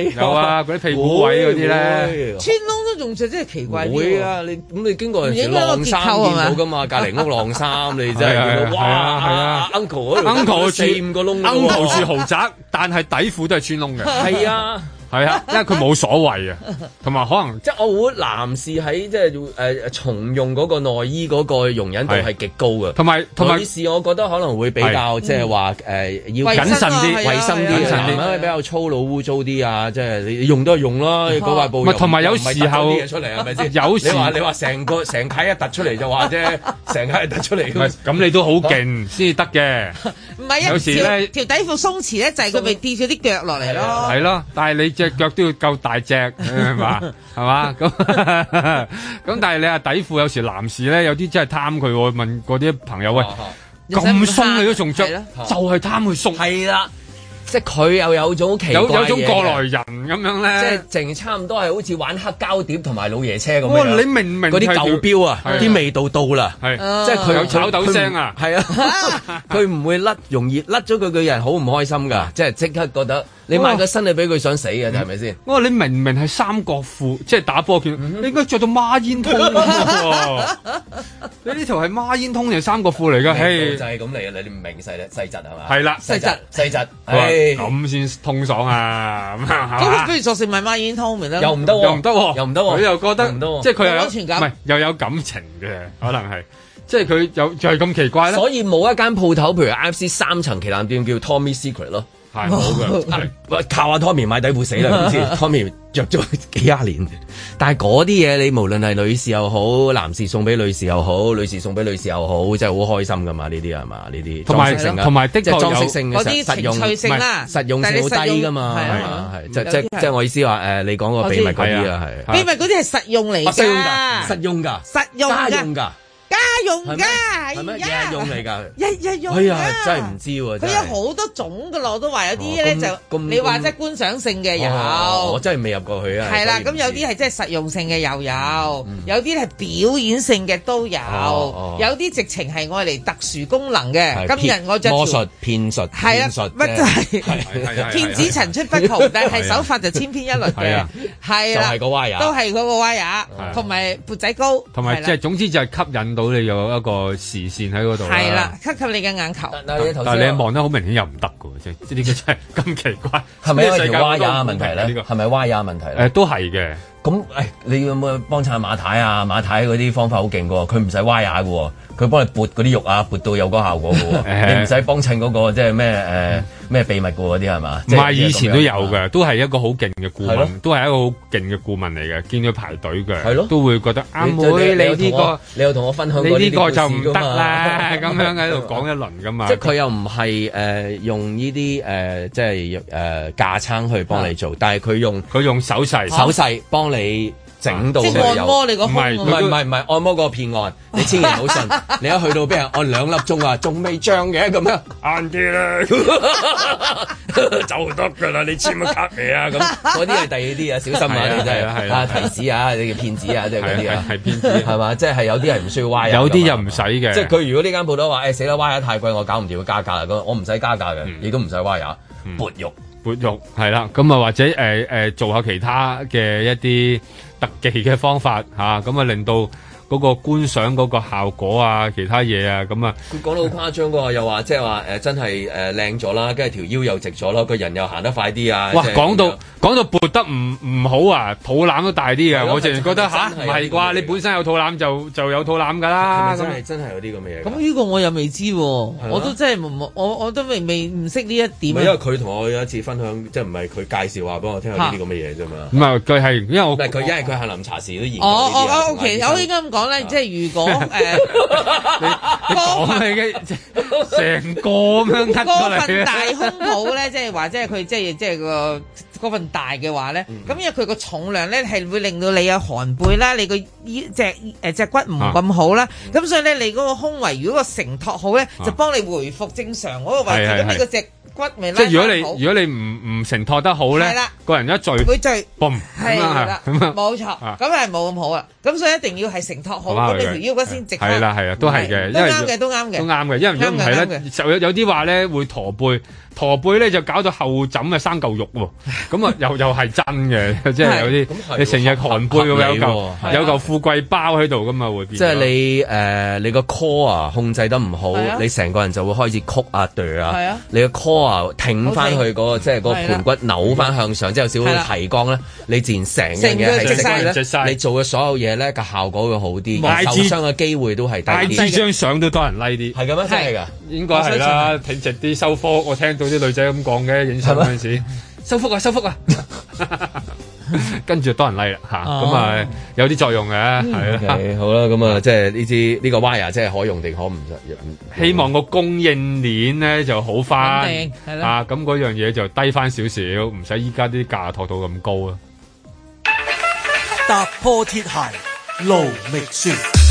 窿有啊，嗰啲屁股位嗰啲咧，穿窿。仲食真係奇怪，會啊！你咁你經過晾衫見到㗎嘛？隔籬屋晾衫，你真係哇！係啊，uncle 我都穿四五個窿，uncle 住豪宅，但係底褲都係穿窿嘅，係啊。係啊，因為佢冇所謂啊，同埋可能即係我會男士喺即係誒重用嗰個內衣嗰個容忍度係極高嘅，同埋同埋女士我覺得可能會比較即係話誒要謹慎啲、衛生啲，男嘅比較粗魯、污糟啲啊，即係你用都係用咯，嗰塊布同埋有時候，啲嘢出嚟係咪先？有時你話你話成個成體一突出嚟就話啫，成體一突出嚟咁，你都好勁先至得嘅。唔係，有時咧條底褲鬆弛咧就係佢咪跌咗啲腳落嚟咯。係咯，但係你腳都要夠大隻，係嘛？係嘛？咁咁，但係你呀底褲有時男士咧，有啲真係貪佢。問嗰啲朋友喂，咁鬆你都仲着，就係貪佢鬆。係啦，即係佢又有種奇怪嘢，有有種過來人咁樣咧，即係淨差唔多係好似玩黑膠碟同埋老爺車咁。哇！你明唔明嗰啲舊標啊？啲味道到啦，係即係佢有炒豆聲啊，係啊，佢唔會甩，容易甩咗佢嘅人好唔開心噶，即係即刻覺得。你買個身，你俾佢想死嘅，係咪先？我話你明明係三角褲，即係打波穿，你應該着到孖煙通喎。你呢條係孖煙通定係三角褲嚟㗎？嘿，就係咁嚟嘅，你唔明細咧細質，係嘛？係啦，細質細質，咁先通爽啊！咁不如索性買埋孖煙通明啦，又唔得，又唔得，又唔得，佢又覺得，即係佢又有唔係又有感情嘅，可能係，即係佢又就係咁奇怪啦。所以冇一間鋪頭，譬如 I F C 三層旗艦店叫 Tommy Secret 咯。太好嘅，靠阿 Tommy 買底褲死啦，唔知 Tommy 著咗幾廿年。但係嗰啲嘢，你無論係女士又好，男士送俾女士又好，女士送俾女士又好，真係好開心噶嘛？呢啲係嘛？呢啲同埋同埋的裝飾性嗰啲情趣性啊，實用性好低㗎嘛？係啊係即即即我意思話誒，你講個秘密嗰啲啊係秘密嗰啲係實用嚟㗎，實用㗎實用㗎。家用噶係咩？日用嚟噶，日日用噶，真係唔知。佢有好多種噶咯，我都話有啲咧就，你話即係觀賞性嘅有，我真係未入過去啊。係啦，咁有啲係即係實用性嘅又有，有啲係表演性嘅都有，有啲直情係愛嚟特殊功能嘅。今日我著魔術騙術，係啊，乜都係，騙子層出不窮，但係手法就千篇一律嘅，係啦，都係嗰個歪牙，同埋缽仔糕，同埋即係總之就係吸引到你有一個視線喺嗰度，係啦，吸吸你嘅眼球。但係你望得好明顯又唔得嘅，即呢個真係咁奇怪，係咪世界歪牙問題咧？呢個係咪歪牙問題咧？誒、呃，都係嘅。咁誒，你有冇要幫襯下馬太啊？馬太嗰啲方法好勁嘅，佢唔使歪牙嘅。佢幫你撥嗰啲肉啊，撥到有嗰個效果喎，你唔使幫襯嗰個即係咩誒咩秘密嗰啲係嘛？唔係以前都有嘅，都係一個好勁嘅顧問，都係一個好勁嘅顧問嚟嘅，見佢排隊嘅，都會覺得啱。妹，你呢個你又同我分享，你呢個就唔得啦，咁樣喺度講一輪㗎嘛，即係佢又唔係誒用呢啲誒即係誒架撐去幫你做，但係佢用佢用手勢手勢幫你。整到都有，唔係唔係唔係唔係按摩個騙案，你千祈唔好信。你一去到俾人按兩粒鐘啊，仲未漲嘅咁樣，晏啲啦，就得噶啦，你簽咗卡未啊？咁嗰啲係第二啲啊，小心啊！你真係啊，提子啊，你叫騙子啊，就嗰啲啊，係騙子係嘛？即係有啲係唔需要歪啊，有啲又唔使嘅。即係佢如果呢間鋪頭話誒死啦歪太貴，我搞唔掂，要加價啦。我唔使加價嘅，亦都唔使歪啊。撥肉撥肉係啦，咁啊或者誒誒做下其他嘅一啲。特技嘅方法吓，咁啊令到。嗰個觀賞嗰個效果啊，其他嘢啊，咁啊，佢講到好誇張喎，又話即係話真係誒靚咗啦，跟住條腰又直咗啦，個人又行得快啲啊！哇，講到講到撥得唔唔好啊，肚腩都大啲嘅，我淨係覺得吓，唔係啩？你本身有肚腩就就有肚腩㗎啦，真係真係有啲咁嘅嘢。咁呢個我又未知喎，我都真係唔我我都未未唔識呢一點。因為佢同我有一次分享，即係唔係佢介紹話畀我聽下呢啲咁嘅嘢啫嘛。唔係佢係因為佢，因為佢喺林查事都研究。講咧，即係如果誒，光嚟嘅，成個咁樣嗰份大胸脯咧， 即係話，即係佢即係即係個嗰份大嘅話咧，咁、嗯、因為佢個重量咧係會令到你有寒背啦，你個腰即係誒隻骨唔咁好啦，咁、啊、所以咧你嗰個胸圍如果個承托好咧，就幫你回復正常嗰、啊、個位置。咁你嗰隻。骨未拉得好，即係如果你如果你唔唔承托得好咧，個人一聚會聚，嘣，係啦，咁冇錯，咁係冇咁好啊，咁所以一定要係承托好，咁你條腰骨先直翻。係啦，係啊，都係嘅，都啱嘅，都啱嘅，因為如果唔係咧，就有有啲話咧會駝背。駝背咧就搞到後枕啊生嚿肉喎，咁啊又又係真嘅，即係有啲你成日寒背咁有有嚿富貴包喺度噶會會變。即係你誒你個 core 啊控制得唔好，你成個人就會開始曲啊對啊。你個 core 啊挺翻去嗰個即係個個盤骨扭翻向上，即係有少少提光咧。你自然成嘅嘢光咧，你做嘅所有嘢咧個效果會好啲，受傷嘅機會都係低啲。曬張相都多人拉啲，係咁啊真係㗎。應該係啦、啊，挺直啲收腹。我聽到啲女仔咁講嘅影相嗰陣時候，收腹啊，收腹啊， 跟住多人嚟啦嚇，咁啊，啊有啲作用嘅，係啦、嗯。係吧、okay，好啦，咁啊、這個、即係呢支呢個 wire 即係可用定可唔實用？希望個供應鏈咧就好翻，穩定係咯。啊，咁嗰樣嘢就低翻少少，唔使依家啲價托到咁高啊！踏破鐵鞋無覓處。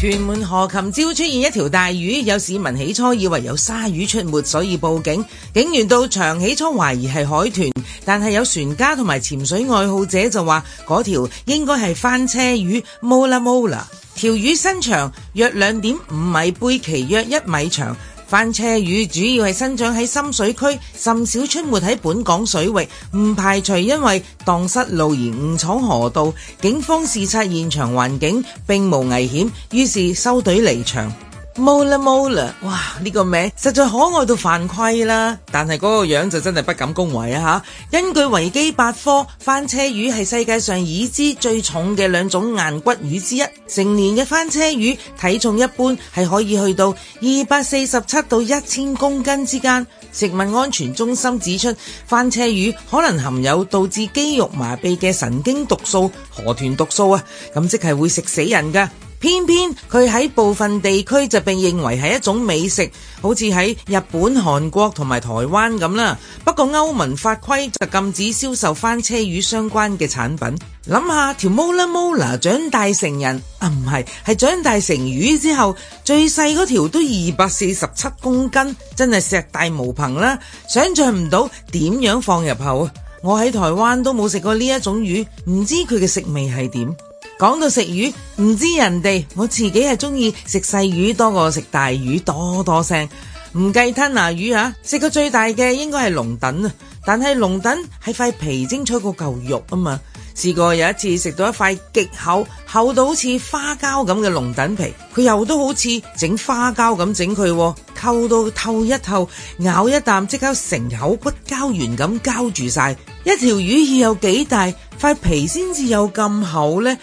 屯門河琴朝出現一條大魚，有市民起初以為有鯊魚出沒，所以報警。警員到場起初懷疑係海豚，但係有船家同埋潛水愛好者就話，嗰條應該係翻車魚 （mola m o 條魚身長約兩點五米，背鰭約一米長。翻車魚主要係生長喺深水區，甚少出沒喺本港水域，唔排除因為蕩失路而誤闖河道。警方視察現場環境，並無危險，於是收隊離場。Mola Mola 哇！呢、這個名實在可愛到犯規啦，但係嗰個樣子就真係不敢恭維啊吓。根據維基百科，翻車魚係世界上已知最重嘅兩種硬骨魚之一，成年嘅翻車魚體重一般係可以去到二百四十七到一千公斤之間。食物安全中心指出，翻車魚可能含有導致肌肉麻痹嘅神經毒素河豚毒素啊，咁即係會食死人噶。偏偏佢喺部分地區就被認為係一種美食，好似喺日本、韓國同埋台灣咁啦。不過歐盟法規就禁止銷售翻車魚相關嘅產品。諗下條 Mola Mola，長大成人啊，唔係，係長大成魚之後，最細嗰條都二百四十七公斤，真係碩大無朋啦！想像唔到點樣放入口。我喺台灣都冇食過呢一種魚，唔知佢嘅食味係點。講到食魚，唔知人哋，我自己係中意食細魚多過食大魚多多聲。唔計吞拿魚啊，食過最大嘅應該係龍躉啊。但係龍躉係塊皮精彩過嚿肉啊嘛。試過有一次食到一塊極厚，厚到好似花膠咁嘅龍躉皮，佢又都好似整花膠咁整佢，厚到透一透，咬一啖即刻成口骨膠原咁膠住晒。一條魚要有幾大塊皮先至有咁厚呢？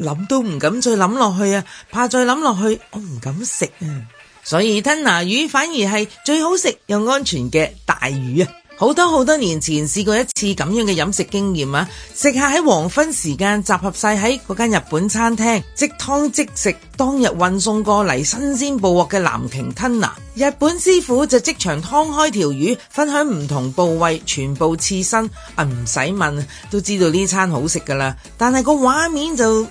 諗都唔敢再諗落去啊，怕再諗落去，我唔敢食啊，所以吞拿魚反而係最好食又安全嘅大魚啊。好多好多年前試過一次咁樣嘅飲食經驗啊！食客喺黃昏時間集合晒喺嗰間日本餐廳，即劏即食，當日運送過嚟新鮮捕獲嘅藍鰭吞拿。日本師傅就即場劏開條魚，分享唔同部位全部刺身。啊，唔使問都知道呢餐好食㗎喇。但係個畫面就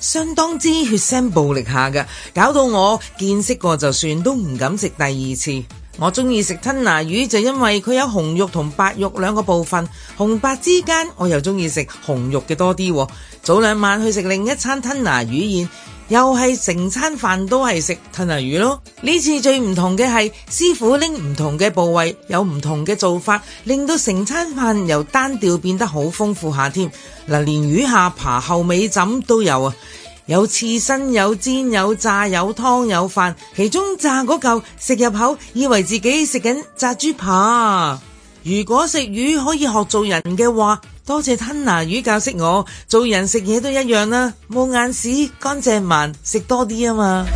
相當之血腥暴力下㗎。搞到我見識過就算都唔敢食第二次。我中意食吞拿魚就因為佢有紅肉同白肉兩個部分，紅白之間我又中意食紅肉嘅多啲。早兩晚去食另一餐吞拿魚宴，又係成餐飯都係食吞拿魚咯。呢次最唔同嘅係師傅拎唔同嘅部位，有唔同嘅做法，令到成餐飯由單調變得好豐富下添。嗱，連魚下巴、後尾枕都有啊。有刺身，有煎，有炸，有湯，有飯。其中炸嗰嚿食入口，以為自己食緊炸豬扒。如果食魚可以學做人嘅話，多謝吞拿魚教識我。做人食嘢都一樣啦，冇眼屎，乾淨慢，食多啲啊嘛。